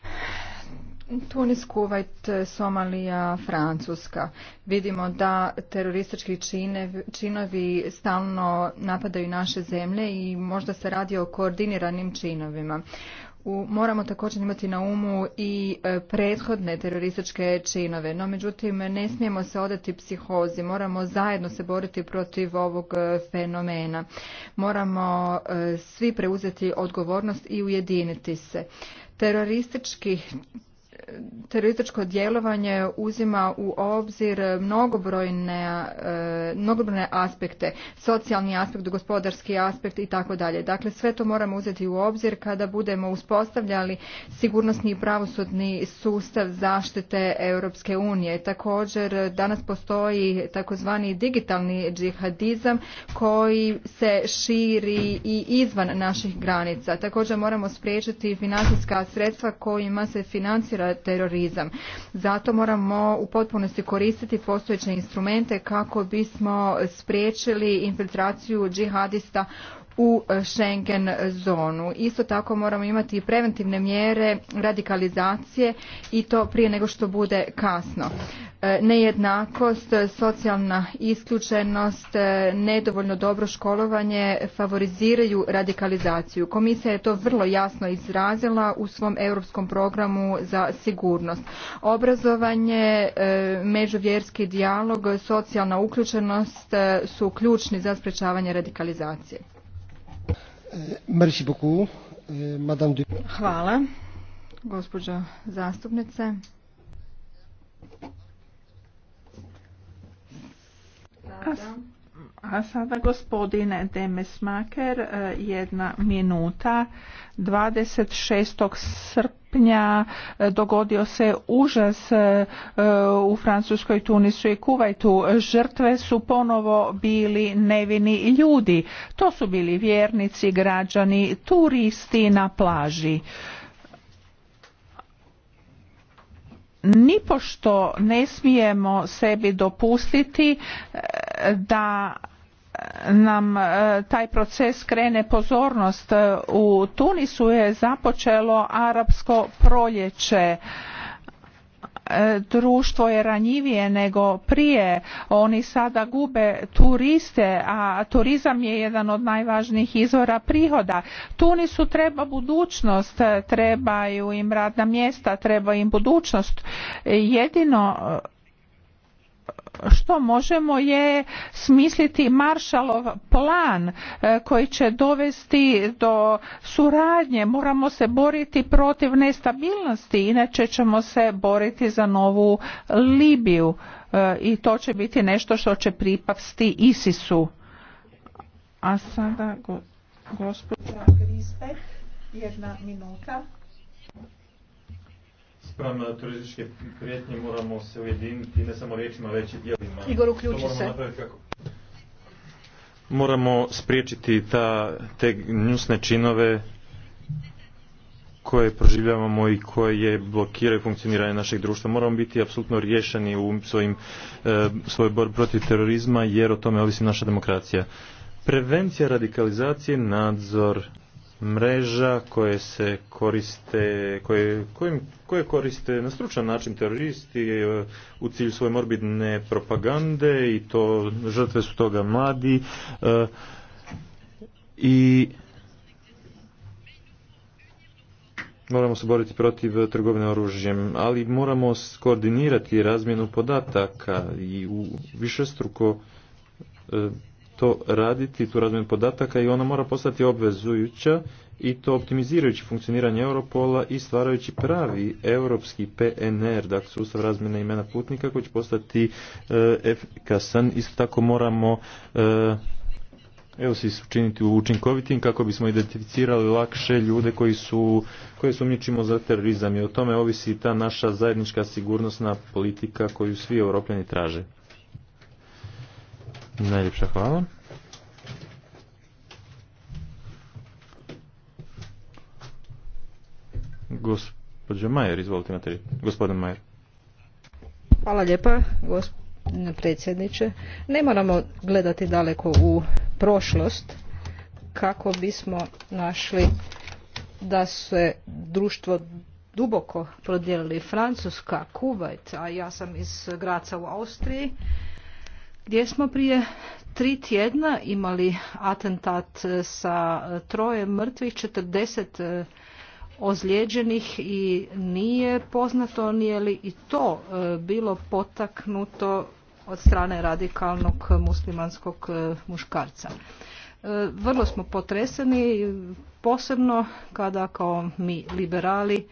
Tunis, Kuwait, Somalija, Francuska. Vidimo da teroristički činovi stalno napadaju naše zemlje i možda se radi o koordiniranim činovima. U, moramo također imati na umu i e, prethodne terorističke činove, no međutim ne smijemo se odati psihozi, moramo zajedno se boriti protiv ovog e, fenomena. Moramo e, svi preuzeti odgovornost i ujediniti se. Teroristički terorističko djelovanje uzima u obzir mnogobrojne, e, mnogobrojne aspekte, socijalni aspekt, gospodarski aspekt i tako dalje. Dakle, sve to moramo uzeti u obzir kada budemo uspostavljali sigurnosni i pravosudni sustav zaštite Europske unije. Također, danas postoji takozvani digitalni džihadizam koji se širi i izvan naših granica. Također, moramo spriječiti financijska sredstva kojima se financira terorizam. Zato moramo u potpunosti koristiti postojeće instrumente kako bismo spriječili infiltraciju džihadista u e, Schengen zonu. Isto tako moramo imati i preventivne mjere radikalizacije i to prije nego što bude kasno. E, nejednakost, socijalna isključenost, e, nedovoljno dobro školovanje favoriziraju radikalizaciju. Komisija je to vrlo jasno izrazila u svom europskom programu za sigurnost. Obrazovanje, međuvjerski dijalog, socijalna uključenost su ključni za sprečavanje radikalizacije. Euh, Hvala, gospođo zastupnice. A sada gospodine Demesmaker, eh, jedna minuta, 26. srpnja lipnja e, dogodio se užas e, e, u Francuskoj, Tunisu i Kuvajtu. Žrtve su ponovo bili nevini ljudi. To su bili vjernici, građani, turisti na plaži. Nipošto ne smijemo sebi dopustiti da nam e, taj proces krene pozornost e, u Tunisu je započelo arapsko proljeće e, društvo je ranjivije nego prije oni sada gube turiste a turizam je jedan od najvažnijih izvora prihoda tunisu treba budućnost trebaju im radna mjesta treba im budućnost jedino što možemo je smisliti maršalov plan e, koji će dovesti do suradnje moramo se boriti protiv nestabilnosti inače ćemo se boriti za novu libiju e, i to će biti nešto što će pripasti isisu a sada gospođa jedna minuta spram eh, terorističke moramo se ujediniti ne samo riječima već i djelima. Igor, uključi se. Moramo spriječiti ta, te gnjusne činove koje proživljavamo i koje blokiraju funkcioniranje našeg društva. Moramo biti apsolutno riješeni u svojim, eh, svoj bor protiv terorizma jer o tome ovisi naša demokracija. Prevencija radikalizacije, nadzor mreža koje se koriste, koje, koje koriste na stručan način teroristi e, u cilju svoje morbidne propagande i to žrtve su toga mladi e, i moramo se boriti protiv trgovine oružjem, ali moramo skoordinirati razmjenu podataka i u višestruko e, to raditi, tu razmjenu podataka i ona mora postati obvezujuća i to optimizirajući funkcioniranje Europola i stvarajući pravi europski PNR, dakle sustav razmjene imena putnika koji će postati e, efikasan. Isto tako moramo e, evo se učiniti učinkovitim kako bismo identificirali lakše ljude koji su, koje sumnjičimo za terorizam i o tome ovisi ta naša zajednička sigurnosna politika koju svi europljani traže. Najljepša hvala. Gospodin Majer, izvolite imate Gospodin Majer. Hvala lijepa, gospodine predsjedniče. Ne moramo gledati daleko u prošlost kako bismo našli da se društvo duboko prodijelili Francuska, Kuwait, a ja sam iz Graca u Austriji gdje smo prije tri tjedna imali atentat e, sa e, troje mrtvih, 40 e, ozlijeđenih i nije poznato nije li i to bilo potaknuto od strane radikalnog muslimanskog muškarca. Vrlo smo potreseni, posebno kada kao mi liberali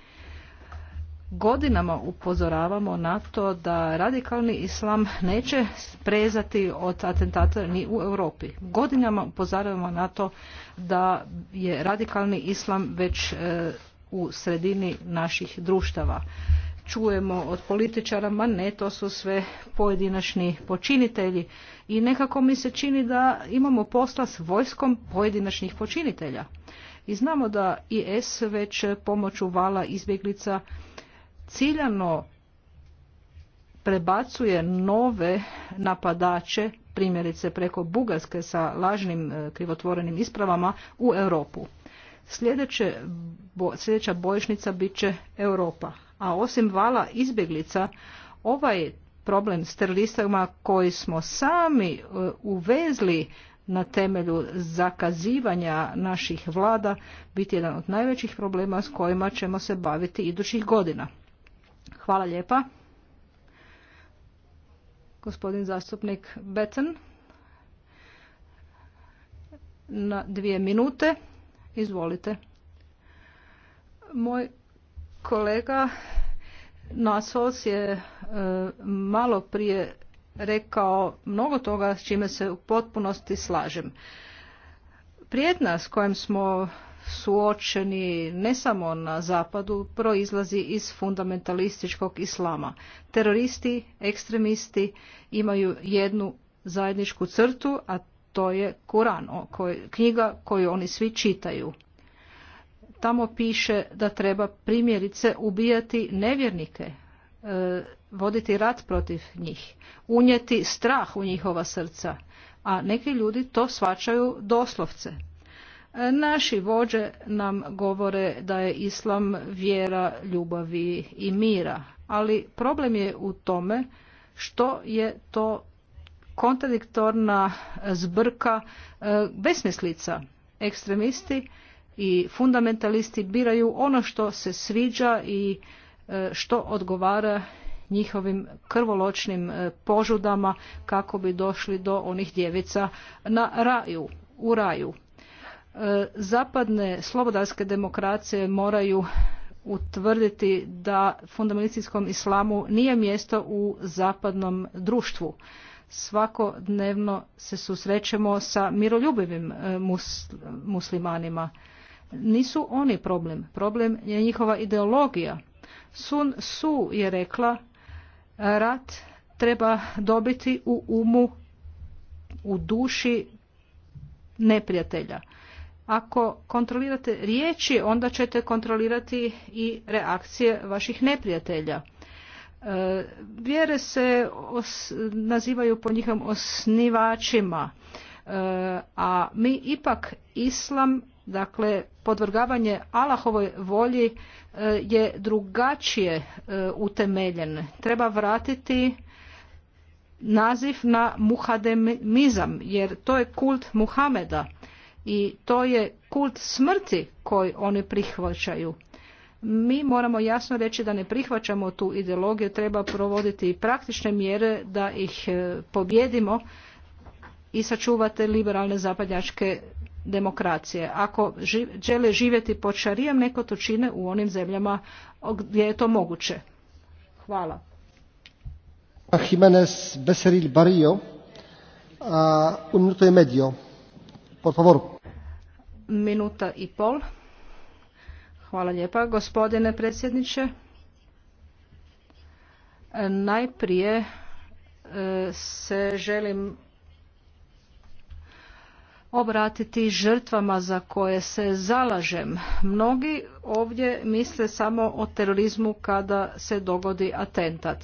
godinama upozoravamo na to da radikalni islam neće prezati od atentata ni u Europi. Godinama upozoravamo na to da je radikalni islam već e, u sredini naših društava. Čujemo od političara, ma ne, to su sve pojedinačni počinitelji i nekako mi se čini da imamo posla s vojskom pojedinačnih počinitelja. I znamo da IS već pomoću vala izbjeglica ciljano prebacuje nove napadače, primjerice preko Bugarske sa lažnim e, krivotvorenim ispravama u Europu. sljedeća bojišnica bit će Europa. A osim vala izbjeglica, ovaj problem s teroristima koji smo sami e, uvezli na temelju zakazivanja naših vlada biti jedan od najvećih problema s kojima ćemo se baviti idućih godina. Hvala lijepa. Gospodin zastupnik Becen. Na dvije minute. Izvolite. Moj kolega Nasos je e, malo prije rekao mnogo toga s čime se u potpunosti slažem. Prijetna s kojim smo suočeni ne samo na zapadu, proizlazi iz fundamentalističkog islama. Teroristi, ekstremisti imaju jednu zajedničku crtu, a to je Kuran, knjiga koju oni svi čitaju. Tamo piše da treba primjerice ubijati nevjernike, e, voditi rat protiv njih, unijeti strah u njihova srca, a neki ljudi to svačaju doslovce. Naši vođe nam govore da je islam vjera ljubavi i mira, ali problem je u tome što je to kontradiktorna zbrka e, besmislica. Ekstremisti i fundamentalisti biraju ono što se sviđa i e, što odgovara njihovim krvoločnim e, požudama kako bi došli do onih djevica na raju, u raju zapadne slobodarske demokracije moraju utvrditi da fundamentalističkom islamu nije mjesto u zapadnom društvu. Svakodnevno se susrećemo sa miroljubivim e, muslimanima. Nisu oni problem, problem je njihova ideologija. Sun Su je rekla rat treba dobiti u umu, u duši neprijatelja. Ako kontrolirate riječi, onda ćete kontrolirati i reakcije vaših neprijatelja. E, vjere se nazivaju po njihovim osnivačima, e, a mi ipak islam, dakle podvrgavanje Allahovoj volji e, je drugačije utemeljen. Treba vratiti naziv na muhademizam, jer to je kult Muhameda i to je kult smrti koji oni prihvaćaju. Mi moramo jasno reći da ne prihvaćamo tu ideologiju, treba provoditi i praktične mjere da ih e, pobjedimo i sačuvate liberalne zapadnjačke demokracije. Ako žele živjeti pod šarijem, neko to čine u onim zemljama gdje je to moguće. Hvala. Jimenez Beseril Barrio, un minuto e medio. Por favor minuta i pol. Hvala lijepa, gospodine predsjedniče. Najprije e, se želim obratiti žrtvama za koje se zalažem. Mnogi ovdje misle samo o terorizmu kada se dogodi atentat,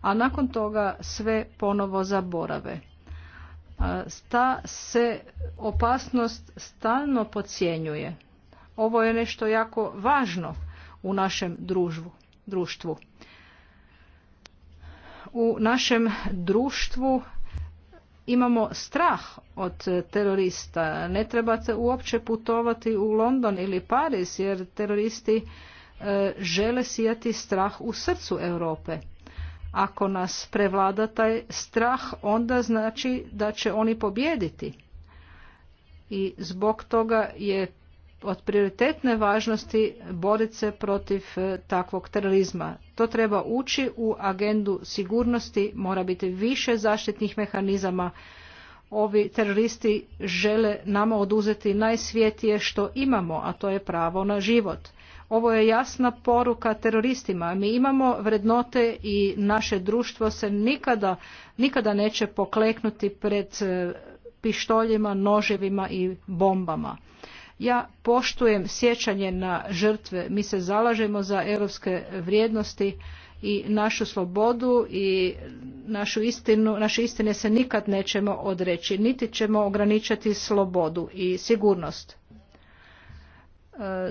a nakon toga sve ponovo zaborave. Ta se opasnost stalno podcjenjuje. Ovo je nešto jako važno u našem družvu, društvu. U našem društvu imamo strah od terorista. Ne trebate uopće putovati u London ili Paris jer teroristi e, žele sijati strah u srcu Europe. Ako nas prevlada taj strah, onda znači da će oni pobijediti. I zbog toga je od prioritetne važnosti boriti se protiv e, takvog terorizma. To treba ući u agendu sigurnosti, mora biti više zaštitnih mehanizama. Ovi teroristi žele nama oduzeti najsvjetije što imamo, a to je pravo na život. Ovo je jasna poruka teroristima. Mi imamo vrednote i naše društvo se nikada, nikada neće pokleknuti pred e, pištoljima, noževima i bombama. Ja poštujem sjećanje na žrtve. Mi se zalažemo za europske vrijednosti i našu slobodu i našu istinu, naše istine se nikad nećemo odreći, niti ćemo ograničiti slobodu i sigurnost.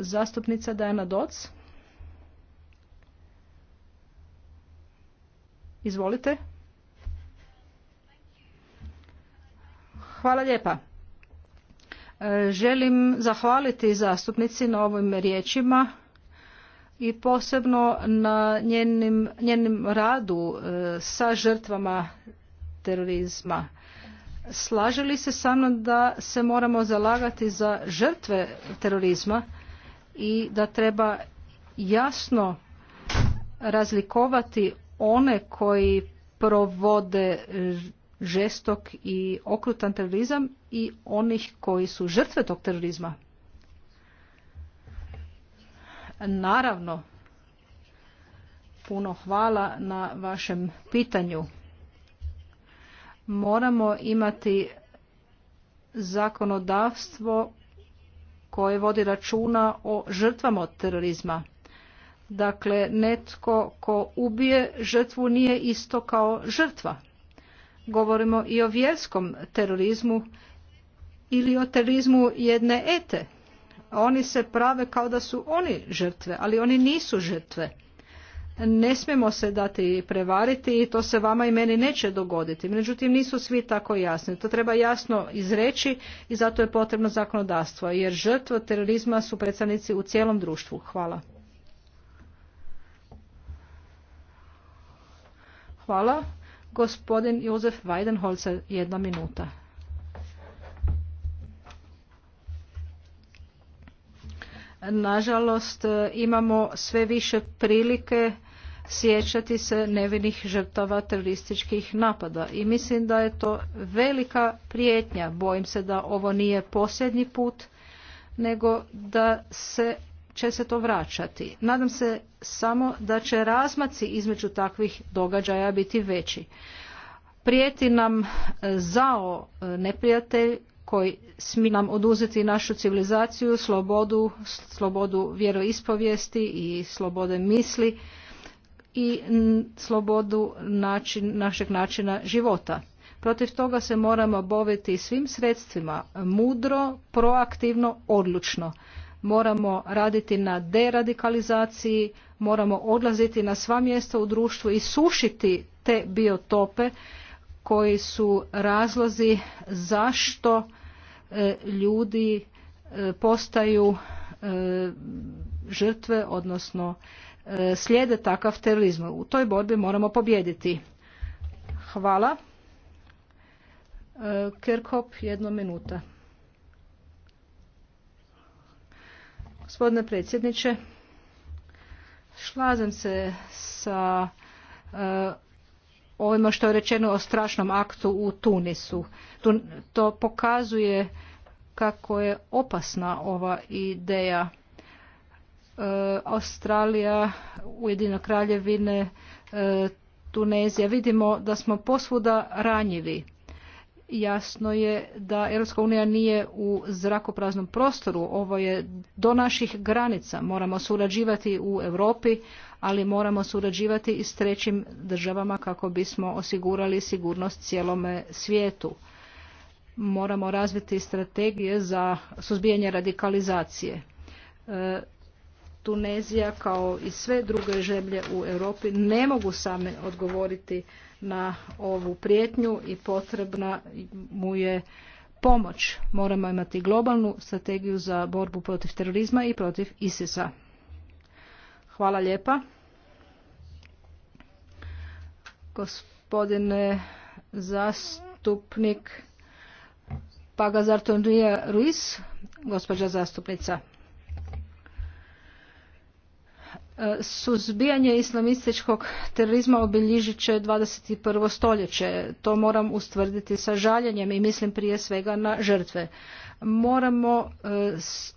Zastupnica Dajana Doc. Izvolite. Hvala lijepa. E, želim zahvaliti zastupnici na ovim riječima i posebno na njenim, njenim radu e, sa žrtvama terorizma. Slaže li se sa mnom da se moramo zalagati za žrtve terorizma i da treba jasno razlikovati one koji provode žestok i okrutan terorizam i onih koji su žrtve tog terorizma. Naravno, puno hvala na vašem pitanju. Moramo imati zakonodavstvo koje vodi računa o žrtvama od terorizma. Dakle, netko ko ubije žrtvu nije isto kao žrtva. Govorimo i o vjerskom terorizmu ili o terorizmu jedne ete. Oni se prave kao da su oni žrtve, ali oni nisu žrtve ne smijemo se dati prevariti i to se vama i meni neće dogoditi. Međutim, nisu svi tako jasni. To treba jasno izreći i zato je potrebno zakonodavstvo, jer žrtve terorizma su predstavnici u cijelom društvu. Hvala. Hvala. Gospodin Jozef Weidenholzer, jedna minuta. Nažalost, imamo sve više prilike sjećati se nevinih žrtava terorističkih napada i mislim da je to velika prijetnja. Bojim se da ovo nije posljednji put nego da se će se to vraćati. Nadam se samo da će razmaci između takvih događaja biti veći. Prijeti nam e, zao e, neprijatelj koji smi nam oduzeti našu civilizaciju, slobodu, slobodu vjeroispovijesti i slobode misli i slobodu način, našeg načina života. Protiv toga se moramo boviti svim sredstvima, mudro, proaktivno, odlučno. Moramo raditi na deradikalizaciji, moramo odlaziti na sva mjesta u društvu i sušiti te biotope koji su razlozi zašto e, ljudi e, postaju e, žrtve, odnosno slijede takav terorizam. U toj borbi moramo pobijediti. Hvala. E, Kirkop, jedna minuta. Gospodine predsjedniče, šlazem se sa e, ovima što je rečeno o strašnom aktu u Tunisu. To pokazuje kako je opasna ova ideja E, Australija, Ujedino kraljevine, e, Tunezija. Vidimo da smo posvuda ranjivi. Jasno je da Europska unija nije u zrakopraznom prostoru, ovo je do naših granica. Moramo surađivati u Europi, ali moramo surađivati i s trećim državama kako bismo osigurali sigurnost cijelome svijetu. Moramo razviti strategije za suzbijanje radikalizacije. E, Tunezija kao i sve druge žemlje u Europi ne mogu same odgovoriti na ovu prijetnju i potrebna mu je pomoć. Moramo imati globalnu strategiju za borbu protiv terorizma i protiv ISIS-a. Hvala lijepa. Gospodine zastupnik Pagazar Ruiz, gospođa zastupnica. E, suzbijanje islamističkog terorizma obilježit će 21. stoljeće. To moram ustvrditi sa žaljenjem i mislim prije svega na žrtve. Moramo e,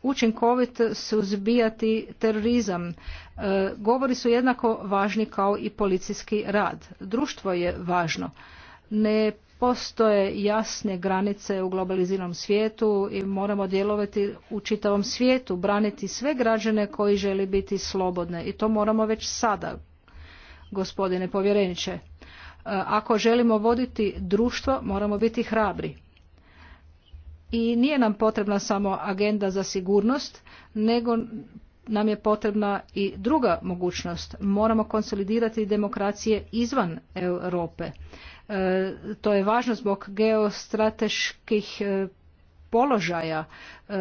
učinkovito suzbijati terorizam. E, govori su jednako važni kao i policijski rad. Društvo je važno. Ne Postoje jasne granice u globaliziranom svijetu i moramo djelovati u čitavom svijetu, braniti sve građane koji žele biti slobodne i to moramo već sada, gospodine povjereniče. E, ako želimo voditi društvo, moramo biti hrabri. I nije nam potrebna samo agenda za sigurnost, nego nam je potrebna i druga mogućnost. Moramo konsolidirati demokracije izvan Europe. E, to je važno zbog geostrateških e, položaja. E,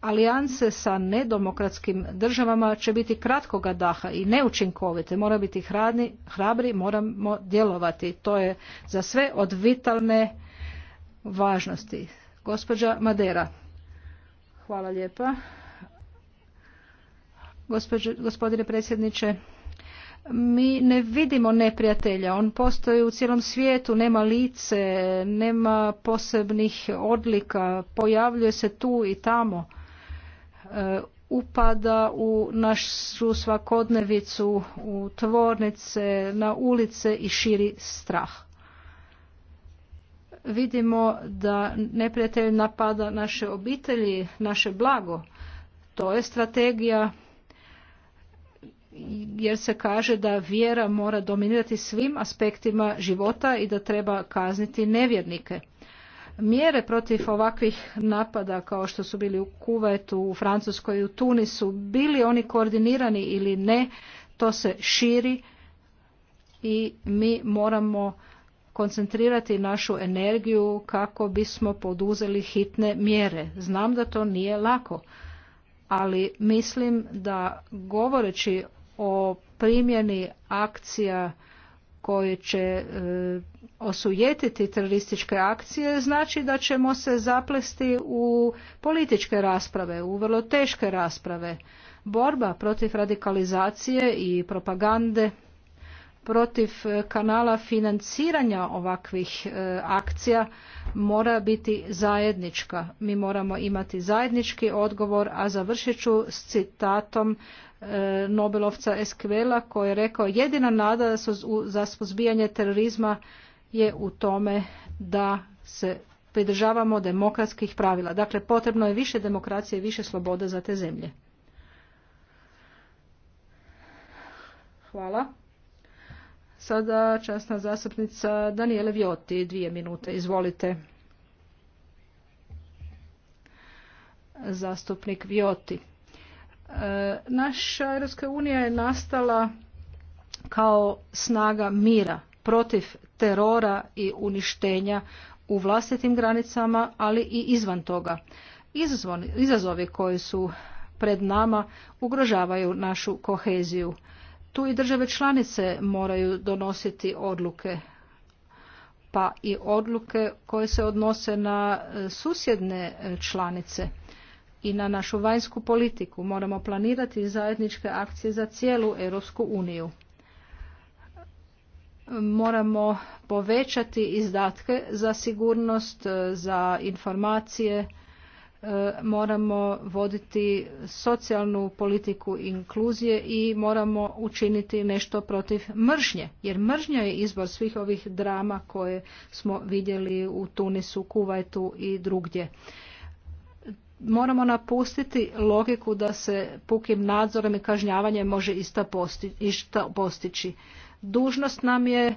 alijanse sa nedemokratskim državama će biti kratkoga daha i neučinkovite. Mora biti hradni, hrabri, moramo djelovati. To je za sve od vitalne važnosti. Gospođa Madera. Hvala lijepa. gospodine predsjedniče, mi ne vidimo neprijatelja, on postoji u cijelom svijetu, nema lice, nema posebnih odlika, pojavljuje se tu i tamo, e, upada u našu svakodnevicu, u tvornice, na ulice i širi strah. Vidimo da neprijatelj napada naše obitelji, naše blago. To je strategija jer se kaže da vjera mora dominirati svim aspektima života i da treba kazniti nevjernike. Mjere protiv ovakvih napada kao što su bili u Kuvetu, u Francuskoj i u Tunisu, bili oni koordinirani ili ne, to se širi i mi moramo koncentrirati našu energiju kako bismo poduzeli hitne mjere. Znam da to nije lako, ali mislim da govoreći o primjeni akcija koje će e, osujetiti terorističke akcije znači da ćemo se zaplesti u političke rasprave, u vrlo teške rasprave. Borba protiv radikalizacije i propagande, protiv e, kanala financiranja ovakvih e, akcija mora biti zajednička. Mi moramo imati zajednički odgovor, a završit ću s citatom E, Nobelovca Eskvela koji je rekao jedina nada za suzbijanje terorizma je u tome da se pridržavamo demokratskih pravila. Dakle, potrebno je više demokracije i više slobode za te zemlje. Hvala. Sada časna zastupnica Daniele Vioti, dvije minute. Izvolite. Zastupnik Vioti. E, Naša Europska unija je nastala kao snaga mira protiv terora i uništenja u vlastitim granicama, ali i izvan toga. Izazovi koji su pred nama ugrožavaju našu koheziju. Tu i države članice moraju donositi odluke, pa i odluke koje se odnose na e, susjedne članice i na našu vanjsku politiku. Moramo planirati zajedničke akcije za cijelu Europsku uniju. Moramo povećati izdatke za sigurnost, za informacije, moramo voditi socijalnu politiku inkluzije i moramo učiniti nešto protiv mržnje. Jer mržnja je izbor svih ovih drama koje smo vidjeli u Tunisu, Kuvajtu i drugdje moramo napustiti logiku da se pukim nadzorom i kažnjavanjem može ista posti, postići. Dužnost nam je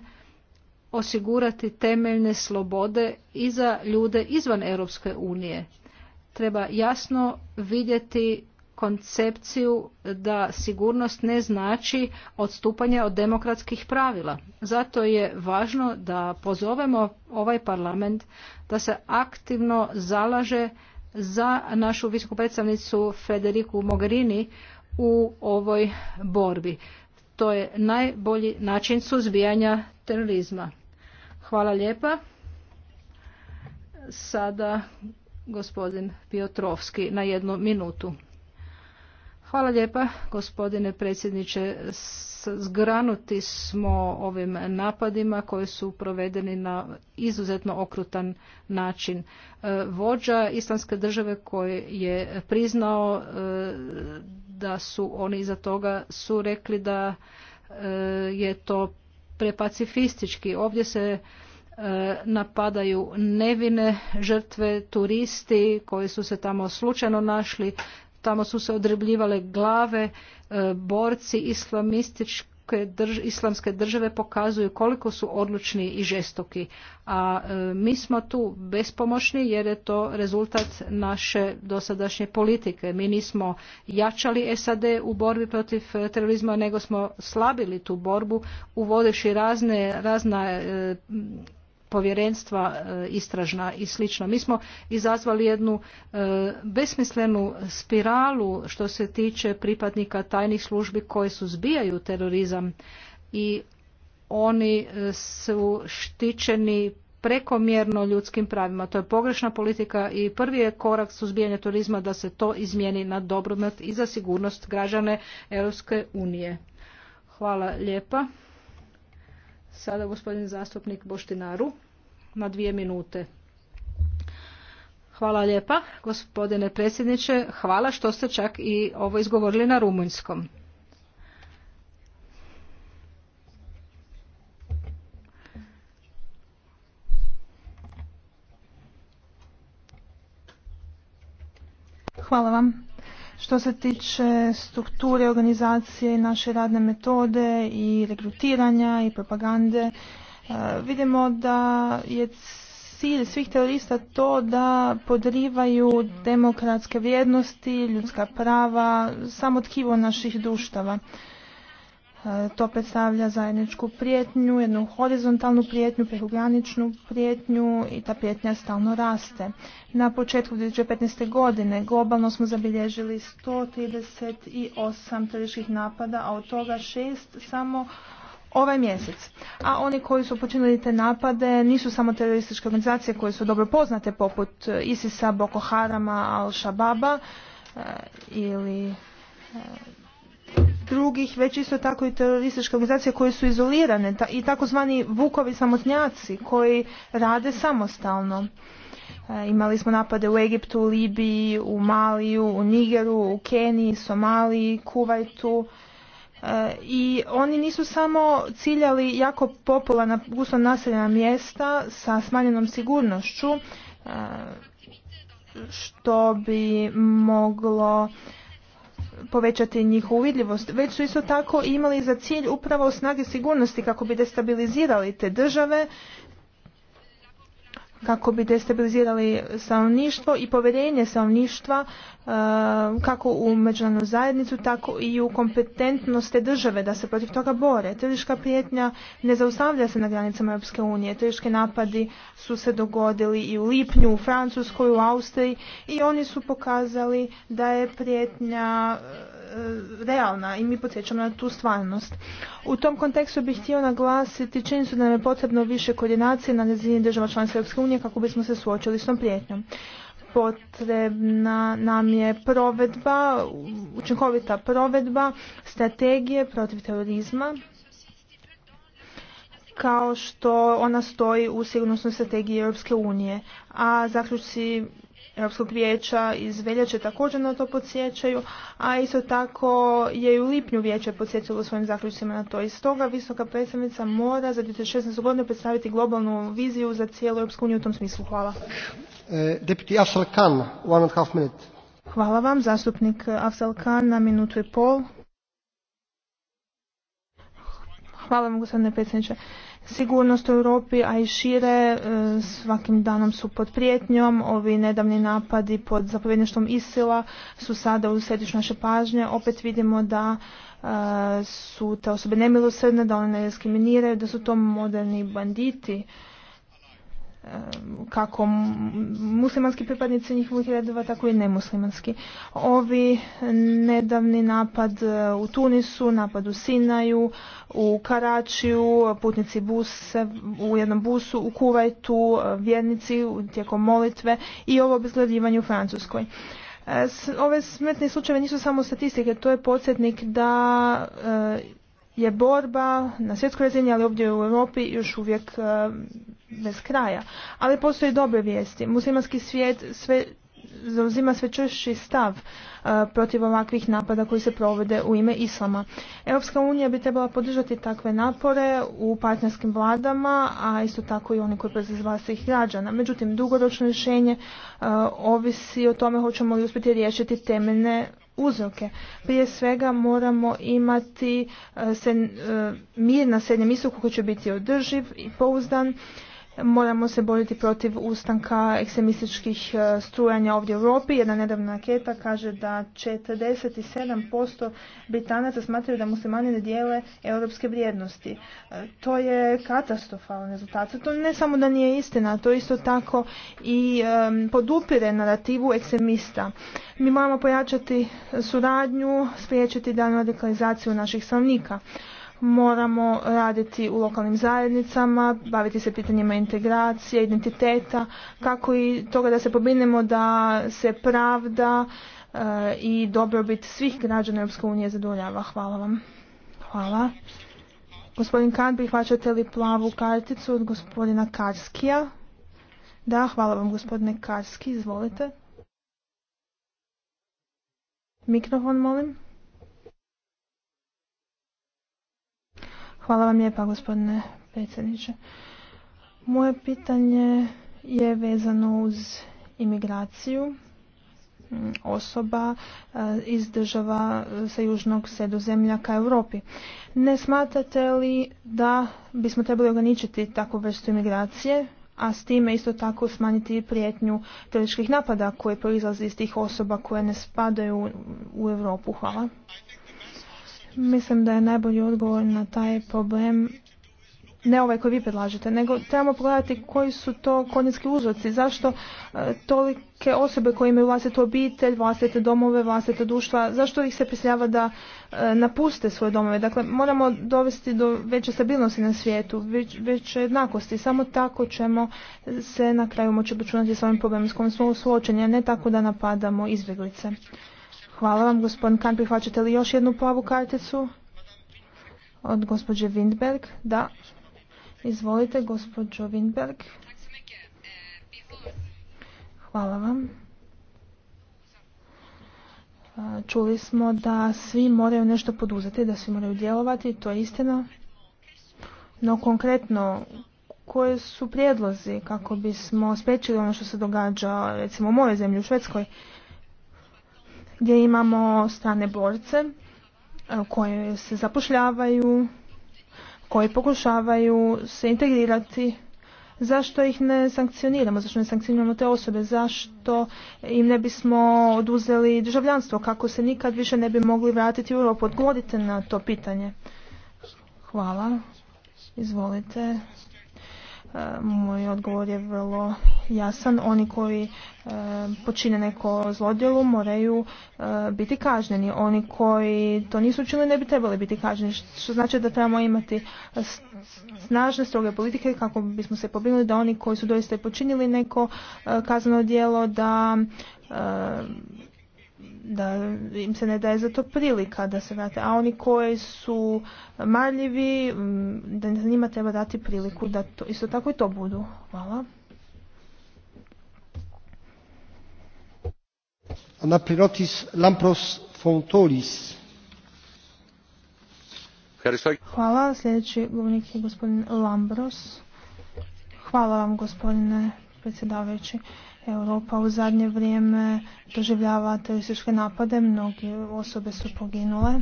osigurati temeljne slobode i za ljude izvan Europske unije. Treba jasno vidjeti koncepciju da sigurnost ne znači odstupanje od demokratskih pravila. Zato je važno da pozovemo ovaj parlament da se aktivno zalaže za našu visoku predstavnicu Federiku Mogherini u ovoj borbi. To je najbolji način suzbijanja terorizma. Hvala lijepa. Sada gospodin Piotrovski na jednu minutu. Hvala lijepa gospodine predsjedniče. Zgranuti smo ovim napadima koji su provedeni na izuzetno okrutan način. E, vođa islamske države koji je priznao e, da su oni iza toga su rekli da e, je to prepacifistički. Ovdje se napadaju nevine žrtve, turisti koji su se tamo slučajno našli, tamo su se odrebljivale glave, e, borci islamističke islamske države pokazuju koliko su odlučni i žestoki. A e, mi smo tu bespomoćni jer je to rezultat naše dosadašnje politike. Mi nismo jačali SAD u borbi protiv e, terorizma, nego smo slabili tu borbu uvodeći razne, razna povjerenstva e, istražna i slično. Mi smo izazvali jednu e, besmislenu spiralu što se tiče pripadnika tajnih službi koje suzbijaju terorizam i oni e, su štićeni prekomjerno ljudskim pravima. To je pogrešna politika i prvi je korak suzbijanja turizma da se to izmijeni na dobrobit i za sigurnost građane Europske unije. Hvala lijepa. Sada gospodin zastupnik Boštinaru na dvije minute. Hvala lijepa, gospodine predsjedniče. Hvala što ste čak i ovo izgovorili na rumunjskom. Hvala vam. Što se tiče strukture organizacije i naše radne metode i rekrutiranja i propagande, e, vidimo da je cilj svih terorista to da podrivaju demokratske vrijednosti, ljudska prava, samo tkivo naših društava. To predstavlja zajedničku prijetnju, jednu horizontalnu prijetnju, prekograničnu prijetnju i ta prijetnja stalno raste. Na početku 2015. godine globalno smo zabilježili 138 terorističkih napada, a od toga šest samo ovaj mjesec. A oni koji su počinili te napade nisu samo terorističke organizacije koje su dobro poznate poput ISIS-a, Boko Harama, Al-Shababa e, ili e, drugih, već isto tako i terorističke organizacije koje su izolirane i takozvani vukovi samotnjaci koji rade samostalno. E, imali smo napade u Egiptu, u Libiji, u Maliju, u Nigeru, u Keniji, Somaliji, Kuvajtu. E, I oni nisu samo ciljali jako popularna, gusto naseljena mjesta sa smanjenom sigurnošću, e, što bi moglo povećati njihovu vidljivost, već su isto tako imali za cilj upravo snage sigurnosti kako bi destabilizirali te države kako bi destabilizirali stanovništvo i povjerenje stanovništva e, kako u međunarodnu zajednicu tako i u kompetentnost države da se protiv toga bore. Teška prijetnja ne zaustavlja se na granicama Europske unije. napadi su se dogodili i u lipnju u Francuskoj, u Austriji i oni su pokazali da je prijetnja e, realna i mi podsjećamo na tu stvarnost. U tom kontekstu bih htio naglasiti činjenicu da nam je potrebno više koordinacije na razini država članica Europske kako bismo se suočili s tom prijetnjom. Potrebna nam je provedba, učinkovita provedba strategije protiv terorizma kao što ona stoji u sigurnosnoj strategiji Europske unije. A zaključci Europskog vijeća iz veljače također na to podsjećaju, a isto tako je i u lipnju vijeće podsjećalo svojim zaključcima na to. I stoga visoka predstavnica mora za 2016. godinu predstaviti globalnu viziju za cijelu Europsku uniju u tom smislu. Hvala. E, Deputy Afsal Khan, and half minute. Hvala vam, zastupnik Afsal Khan na minutu i pol. Hvala vam, gospodine predsjedniče. Sigurnost u Europi, a i šire, e, svakim danom su pod prijetnjom. Ovi nedavni napadi pod zapovjedništvom Isila su sada u središnju naše pažnje. Opet vidimo da e, su te osobe nemilosredne, da one ne diskriminiraju, da su to moderni banditi kako muslimanski pripadnici njihovih redova, tako i nemuslimanski. Ovi nedavni napad e, u Tunisu, napad u Sinaju, u Karačiju, putnici buse, u jednom busu, u Kuvajtu, e, vjernici tijekom molitve i ovo obizgledivanje u Francuskoj. E, ove smrtne slučajeve nisu samo statistike, to je podsjetnik da je borba na svjetskoj razini, ali ovdje u Europi još uvijek bez kraja. Ali postoje dobre vijesti. Muslimanski svijet sve zauzima sve češći stav uh, protiv ovakvih napada koji se provode u ime islama. Europska unija bi trebala podržati takve napore u partnerskim vladama, a isto tako i oni koji se vlastitih građana. Međutim, dugoročno rješenje uh, ovisi o tome hoćemo li uspjeti riješiti temeljne uzroke. Prije svega moramo imati uh, uh mir na srednjem istoku koji će biti održiv i pouzdan moramo se boriti protiv ustanka ekstremističkih e, strujanja ovdje u Europi. Jedna nedavna anketa kaže da 47% Britanaca smatraju da muslimani ne dijele europske vrijednosti. E, to je katastrofalan rezultat. To ne samo da nije istina, to isto tako i podupire narativu ekstremista. Mi moramo pojačati suradnju, spriječiti danu radikalizaciju naših stanovnika moramo raditi u lokalnim zajednicama, baviti se pitanjima integracije, identiteta, kako i toga da se pobinemo da se pravda e, i dobrobit svih građana Europske unije zadovoljava. Hvala vam. Hvala. Gospodin Kant, prihvaćate li plavu karticu od gospodina Karskija? Da, hvala vam gospodine Karski, izvolite. Mikrofon molim. Hvala vam lijepa gospodine predsjedniče. Moje pitanje je vezano uz imigraciju mm, osoba e, iz država e, sa južnog sredozemlja ka Europi. Ne smatrate li da bismo trebali ograničiti takvu vrstu imigracije, a s time isto tako smanjiti prijetnju terorističkih napada koje proizlaze iz tih osoba koje ne spadaju u Europu? Hvala. Mislim da je najbolji odgovor na taj problem ne ovaj koji vi predlažete, nego trebamo pogledati koji su to konjenski uzroci, zašto e, tolike osobe koje imaju vlastitu obitelj, vlastite domove, vlastite društva, zašto ih se prisiljava da e, napuste svoje domove. Dakle, moramo dovesti do veće stabilnosti na svijetu, veće jednakosti. Samo tako ćemo se na kraju moći obračunati s ovim problemom s kojim smo suočeni, a ne tako da napadamo izbjeglice. Hvala vam, gospodin Kampi, prihvaćate li još jednu plavu karticu? Od gospođe Windberg, da. Izvolite, gospođo Windberg. Hvala vam. Čuli smo da svi moraju nešto poduzeti, da svi moraju djelovati, to je istina. No konkretno, koje su prijedlozi kako bismo spriječili ono što se događa recimo u mojoj zemlji u Švedskoj gdje imamo strane borce e, koje se zapošljavaju, koji pokušavaju se integrirati. Zašto ih ne sankcioniramo? Zašto ne sankcioniramo te osobe? Zašto im ne bismo oduzeli državljanstvo? Kako se nikad više ne bi mogli vratiti u Europu? Odgovorite na to pitanje. Hvala. Izvolite, moj odgovor je vrlo jasan. Oni koji e, počine neko zlodjelo moraju e, biti kažnjeni. Oni koji to nisu učinili ne bi trebali biti kažnjeni. Što znači da trebamo imati snažne, stroge politike kako bismo se pobrinuli da oni koji su doista i počinili neko e, kazneno djelo da da im se ne daje za to prilika da se vrate, a oni koji su marljivi, mm, da njima treba dati priliku da to, isto tako i to budu. Hvala. Anapirotis Lampros Fontolis. Hvala. Sljedeći govornik je gospodin Lambros. Hvala vam gospodine predsjedavajući. Europa u zadnje vrijeme doživljava terorističke napade, mnogi osobe su poginule.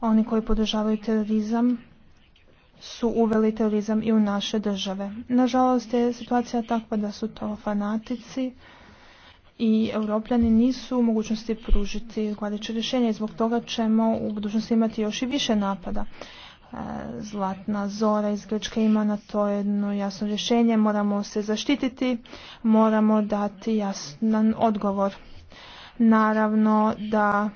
Oni koji podržavaju terorizam su uveli terorizam i u naše države. Nažalost je situacija takva da su to fanatici i europljani nisu u mogućnosti pružiti odgovarajuće rješenje i zbog toga ćemo u budućnosti imati još i više napada. Zlatna Zora iz Grčke ima na to jedno jasno rješenje. Moramo se zaštititi, moramo dati jasnan odgovor. Naravno da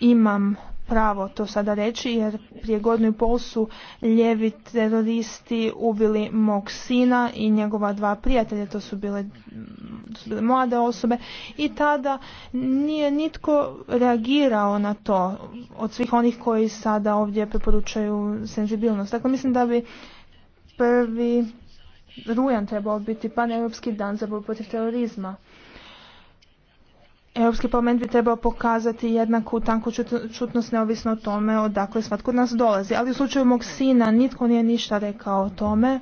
imam pravo to sada reći jer prije godinu i pol su ljevi teroristi ubili mog sina i njegova dva prijatelja, to su bile, mlade osobe i tada nije nitko reagirao na to od svih onih koji sada ovdje preporučaju senzibilnost. Dakle mislim da bi prvi rujan trebao biti Europski dan za protiv terorizma. Europski parlament bi trebao pokazati jednaku tanku čutnost neovisno o tome odakle svatko od nas dolazi. Ali u slučaju mog sina nitko nije ništa rekao o tome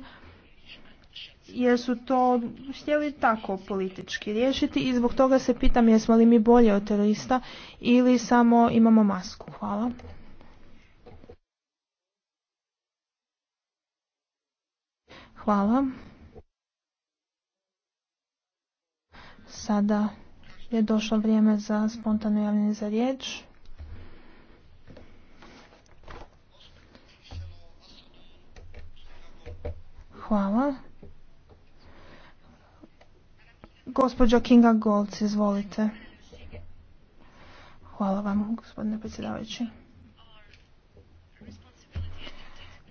jer su to htjeli tako politički riješiti i zbog toga se pitam jesmo li mi bolje od terorista ili samo imamo masku. Hvala. Hvala. Sada je došlo vrijeme za spontano javljanje za riječ. Hvala. Gospođo Kinga Golds, izvolite. Hvala vam, gospodine predsjedavajući.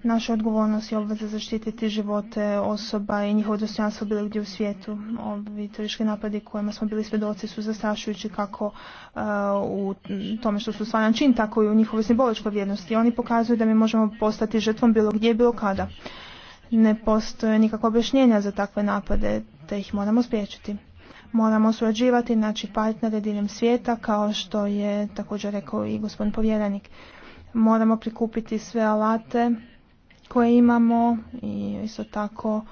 Naša odgovornost i obveza zaštititi živote osoba i njihovo dostojanstvo bilo gdje u svijetu. Ovi teriški napadi kojima smo bili svjedoci su zastrašujući kako uh, u tome što su stvaran čin, tako i u njihovoj simboličkoj vrijednosti. Oni pokazuju da mi možemo postati žrtvom bilo gdje bilo kada. Ne postoje nikakva objašnjenja za takve napade, te ih moramo spriječiti. Moramo surađivati, znači partnere diljem svijeta, kao što je također rekao i gospodin povjerenik. Moramo prikupiti sve alate koje imamo i isto tako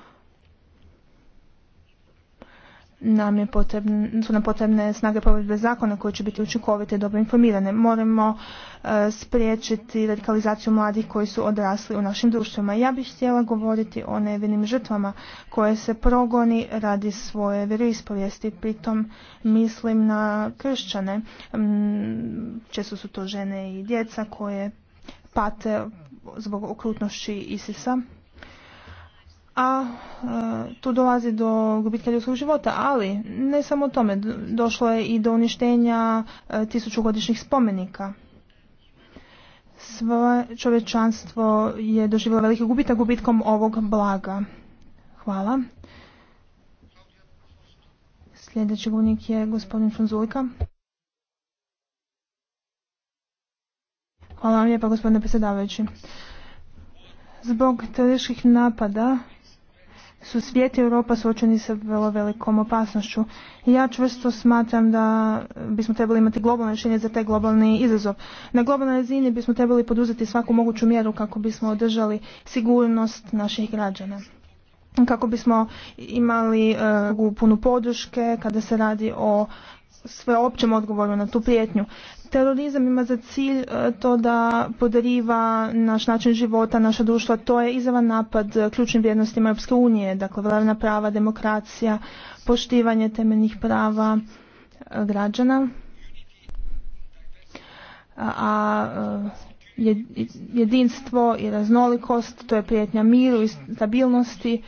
nam je potrebne, su nam potrebne snage provedbe zakona koje će biti učinkovite i dobro informirane. Moramo e, spriječiti radikalizaciju mladih koji su odrasli u našim društvima. Ja bih htjela govoriti o nevinim žrtvama koje se progoni radi svoje vjeroispovijesti. Pritom mislim na kršćane. Često su to žene i djeca koje pate zbog okrutnošći Isisa. A e, tu dolazi do gubitka ljudskog života, ali ne samo o tome, došlo je i do uništenja e, tisućugodišnjih spomenika. Svo čovečanstvo je doživjelo veliki gubitak gubitkom ovog blaga. Hvala. Sljedeći govornik je gospodin Franzulika. Hvala vam lijepa gospodine predsjedavajući. Zbog terorističkih napada su svijet i Europa suočeni sa vrlo velikom opasnošću. Ja čvrsto smatram da bismo trebali imati globalno rješenje za taj globalni izazov. Na globalnoj razini bismo trebali poduzeti svaku moguću mjeru kako bismo održali sigurnost naših građana kako bismo imali uh, e, punu podrške kada se radi o sveopćem odgovoru na tu prijetnju. Terorizam ima za cilj e, to da podariva naš način života, naša društva. To je izavan napad e, ključnim vrijednostima Europske unije, dakle vladavina prava, demokracija, poštivanje temeljnih prava e, građana. A jedinstvo i raznolikost, to je prijetnja miru i stabilnosti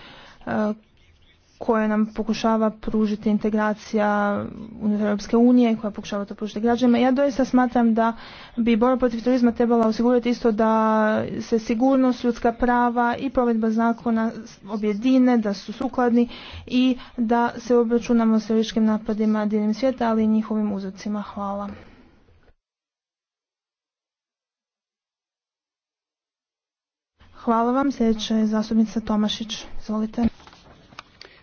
koje nam pokušava pružiti integracija unutar Europske unije, koja pokušava to pružiti građanima. Ja doista smatram da bi borba protiv turizma trebala osigurati isto da se sigurnost, ljudska prava i provedba zakona objedine, da su sukladni i da se obračunamo s terorističkim napadima diljem svijeta, ali i njihovim uzorcima. Hvala. Hvala vam. Sljedeća je zastupnica Tomašić. Izvolite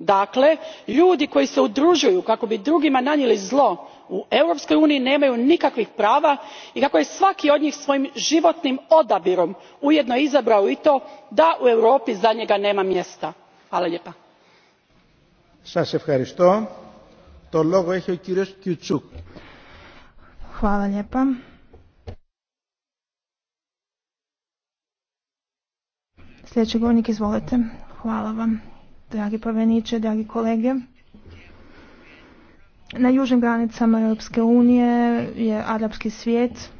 dakle ljudi koji se udružuju kako bi drugima nanijeli zlo u europskoj uniji nemaju nikakvih prava i kako je svaki od njih svojim životnim odabirom ujedno izabrao i to da u europi za njega nema mjesta. Hvala dragi praveniče, dragi kolege. Na južnim granicama Europske unije je arapski svijet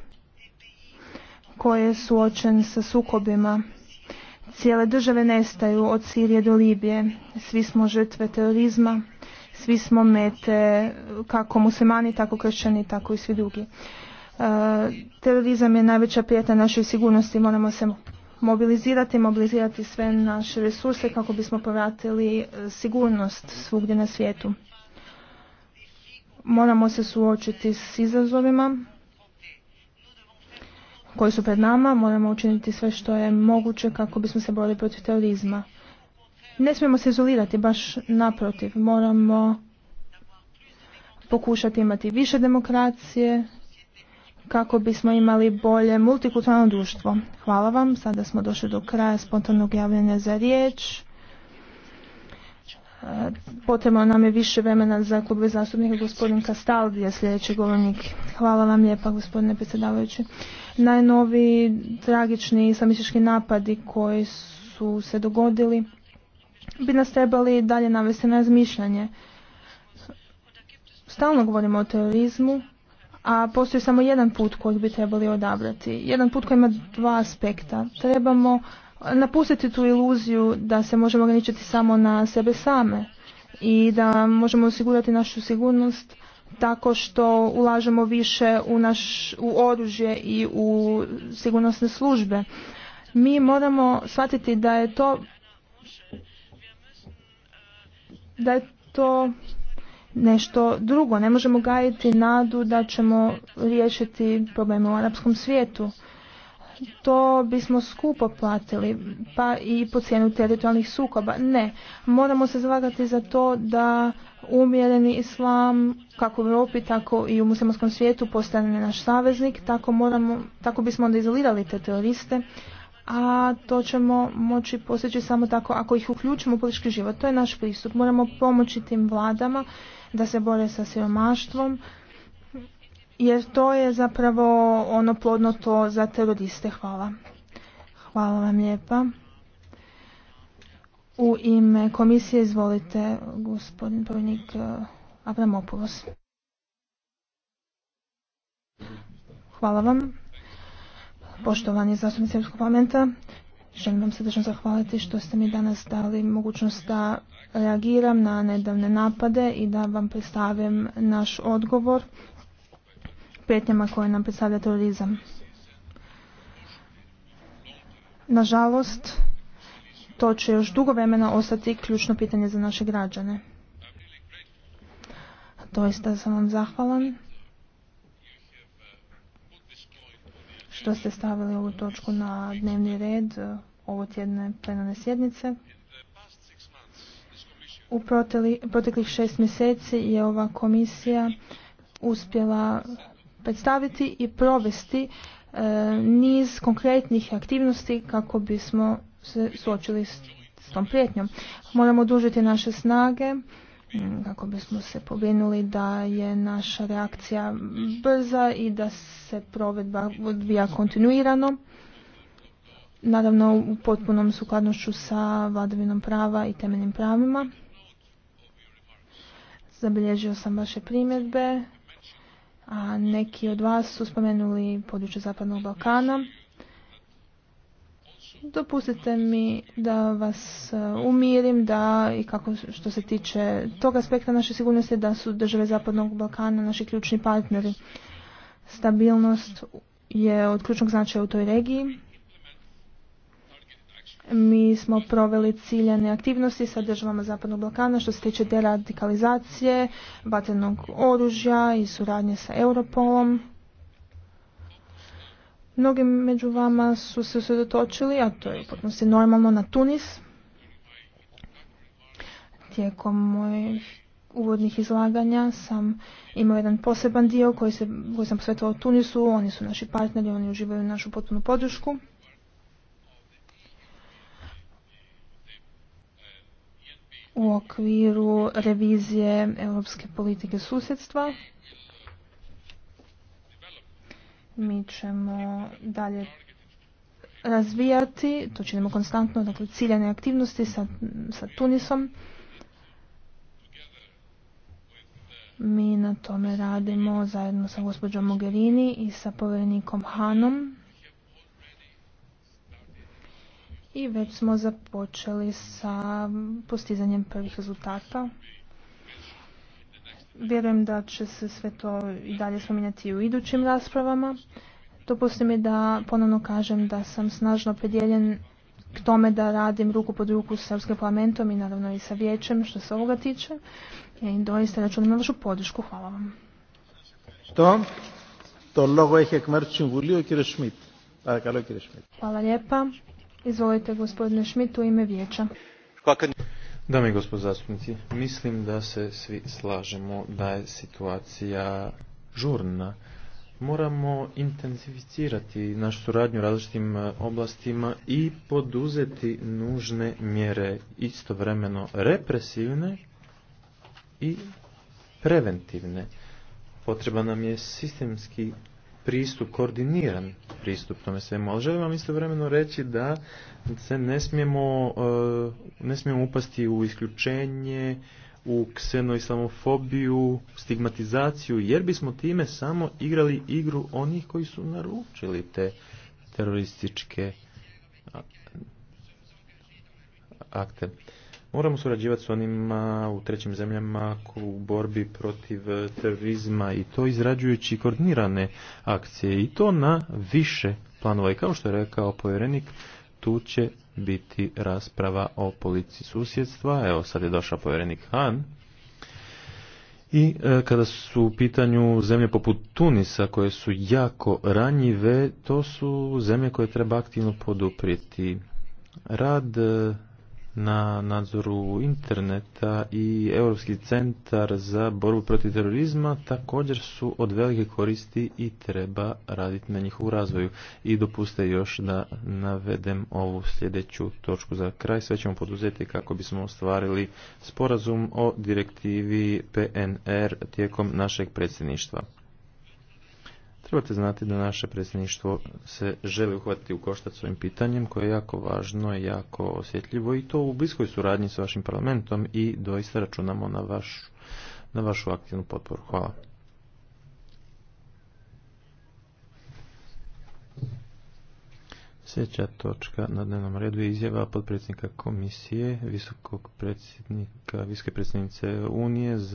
koji je suočen sa sukobima. Cijele države nestaju od Sirije do Libije. Svi smo žrtve terorizma, svi smo mete kako muslimani, tako kršćani, tako i svi drugi. E, terorizam je najveća prijeta našoj sigurnosti, moramo se mobilizirati, mobilizirati sve naše resurse kako bismo povratili e, sigurnost svugdje na svijetu. Moramo se suočiti s izazovima koji su pred nama, moramo učiniti sve što je moguće kako bismo se borili protiv terorizma. Ne smijemo se izolirati, baš naprotiv. Moramo pokušati imati više demokracije, kako bismo imali bolje multikulturalno društvo. Hvala vam, sada smo došli do kraja spontanog javljanja za riječ. E, potrebno nam je više vremena za klube zastupnika gospodin Kastaldi sljedeći govornik. Hvala vam lijepa gospodine predsjedavajući. Najnovi tragični islamistički napadi koji su se dogodili bi nas trebali dalje navesti na razmišljanje. Stalno govorimo o terorizmu, a postoji samo jedan put koji bi trebali odabrati. Jedan put koji ima dva aspekta. Trebamo napustiti tu iluziju da se možemo ograničiti samo na sebe same i da možemo osigurati našu sigurnost tako što ulažemo više u, naš, u oružje i u sigurnosne službe. Mi moramo shvatiti da je to da je to nešto drugo. Ne možemo gajiti nadu da ćemo riješiti probleme u arapskom svijetu. To bismo skupo platili, pa i po cijenu teritorijalnih sukoba. Ne, moramo se zalagati za to da umjereni islam, kako u Europi, tako i u muslimskom svijetu, postane naš saveznik, tako, moramo, tako bismo onda izolirali te teroriste, a to ćemo moći postići samo tako ako ih uključimo u politički život. To je naš pristup. Moramo pomoći tim vladama da se bore sa siromaštvom, jer to je zapravo ono plodno to za teroriste. Hvala. Hvala vam lijepa. U ime komisije izvolite gospodin brojnik eh, Abramopoulos. Hvala vam. Poštovani zastupnici Europskog parlamenta, želim vam srdečno zahvaliti što ste mi danas dali mogućnost da reagiram na nedavne napade i da vam predstavim naš odgovor prijetnjama koje nam predstavlja terorizam. Nažalost, to će još dugo vremena ostati ključno pitanje za naše građane. Doista sam vam zahvalan što ste stavili ovu točku na dnevni red e, ovo tjedne plenarne sjednice. U proteklih šest mjeseci je ova komisija uspjela predstaviti i provesti e, niz konkretnih aktivnosti kako bismo se suočili s, tom prijetnjom. Moramo odužiti naše snage Mhm. kako bismo se pobrinuli da je naša reakcija brza i da se provedba odvija kontinuirano. Naravno u potpunom sukladnošću sa vladavinom prava i temeljnim pravima. Zabilježio sam vaše primjedbe, a neki od vas su spomenuli područje Zapadnog Balkana. Dopustite mi da vas e, umirim da i kako što se tiče tog aspekta naše sigurnosti da su države Zapadnog Balkana naši ključni partneri. Stabilnost je od ključnog značaja u toj regiji. Mi smo proveli ciljane aktivnosti sa državama Zapadnog Balkana što se tiče deradikalizacije, vatrenog oružja i suradnje sa Europolom. Mnogi među vama su se usredotočili, a to je potpuno se normalno, na Tunis. Tijekom mojih uvodnih izlaganja sam imao jedan poseban dio koji, se, koji sam posvetila Tunisu. Oni su naši partneri, oni uživaju našu potpunu podršku. u okviru revizije europske politike susjedstva mi ćemo dalje razvijati, to činimo konstantno, dakle ciljane aktivnosti sa, sa Tunisom. Mi na tome radimo zajedno sa gospođom Mogherini i sa povjerenikom Hanom. I već smo započeli sa postizanjem prvih rezultata. Vjerujem da će se sve to i dalje spominjati u idućim raspravama. Dopusti mi da ponovno kažem da sam snažno predjeljen k tome da radim ruku pod ruku s Srpskim parlamentom i naravno i sa vijećem što se ovoga tiče. I doista računam na vašu podršku. Hvala vam. To, to logo je Hvala lijepa. Izvolite gospodine Šmit, u ime vijeća. Dame i gospod zastupnici, mislim da se svi slažemo da je situacija žurna. Moramo intenzificirati našu suradnju u različitim e, oblastima i poduzeti nužne mjere istovremeno represivne i preventivne. Potreba nam je sistemski pristup, koordiniran pristup tome svemu. Ali želim vam istovremeno reći da se ne smijemo, e, ne smijemo upasti u isključenje, u ksenoislamofobiju, stigmatizaciju, jer bismo time samo igrali igru onih koji su naručili te terorističke akte. Moramo surađivati s onima u trećim zemljama u borbi protiv terorizma i to izrađujući koordinirane akcije i to na više planova. I kao što je rekao povjerenik, tu će biti rasprava o policiji susjedstva. Evo sad je došao povjerenik Han. I e, kada su u pitanju zemlje poput Tunisa koje su jako ranjive, to su zemlje koje treba aktivno poduprijeti. Rad e, na nadzoru interneta i Europski centar za borbu protiv terorizma također su od velike koristi i treba raditi na u razvoju. I dopuste još da navedem ovu sljedeću točku za kraj. Sve ćemo poduzeti kako bismo ostvarili sporazum o direktivi PNR tijekom našeg predsjedništva. Trebate znati da naše predsjedništvo se želi uhvatiti u koštac s pitanjem koje je jako važno i jako osjetljivo i to u bliskoj suradnji sa vašim parlamentom i doista računamo na, vaš, na vašu aktivnu potporu. Hvala. Sljedeća točka na dnevnom redu je izjava podpredsjednika komisije, visokog predsjednika, visoke predsjednice Unije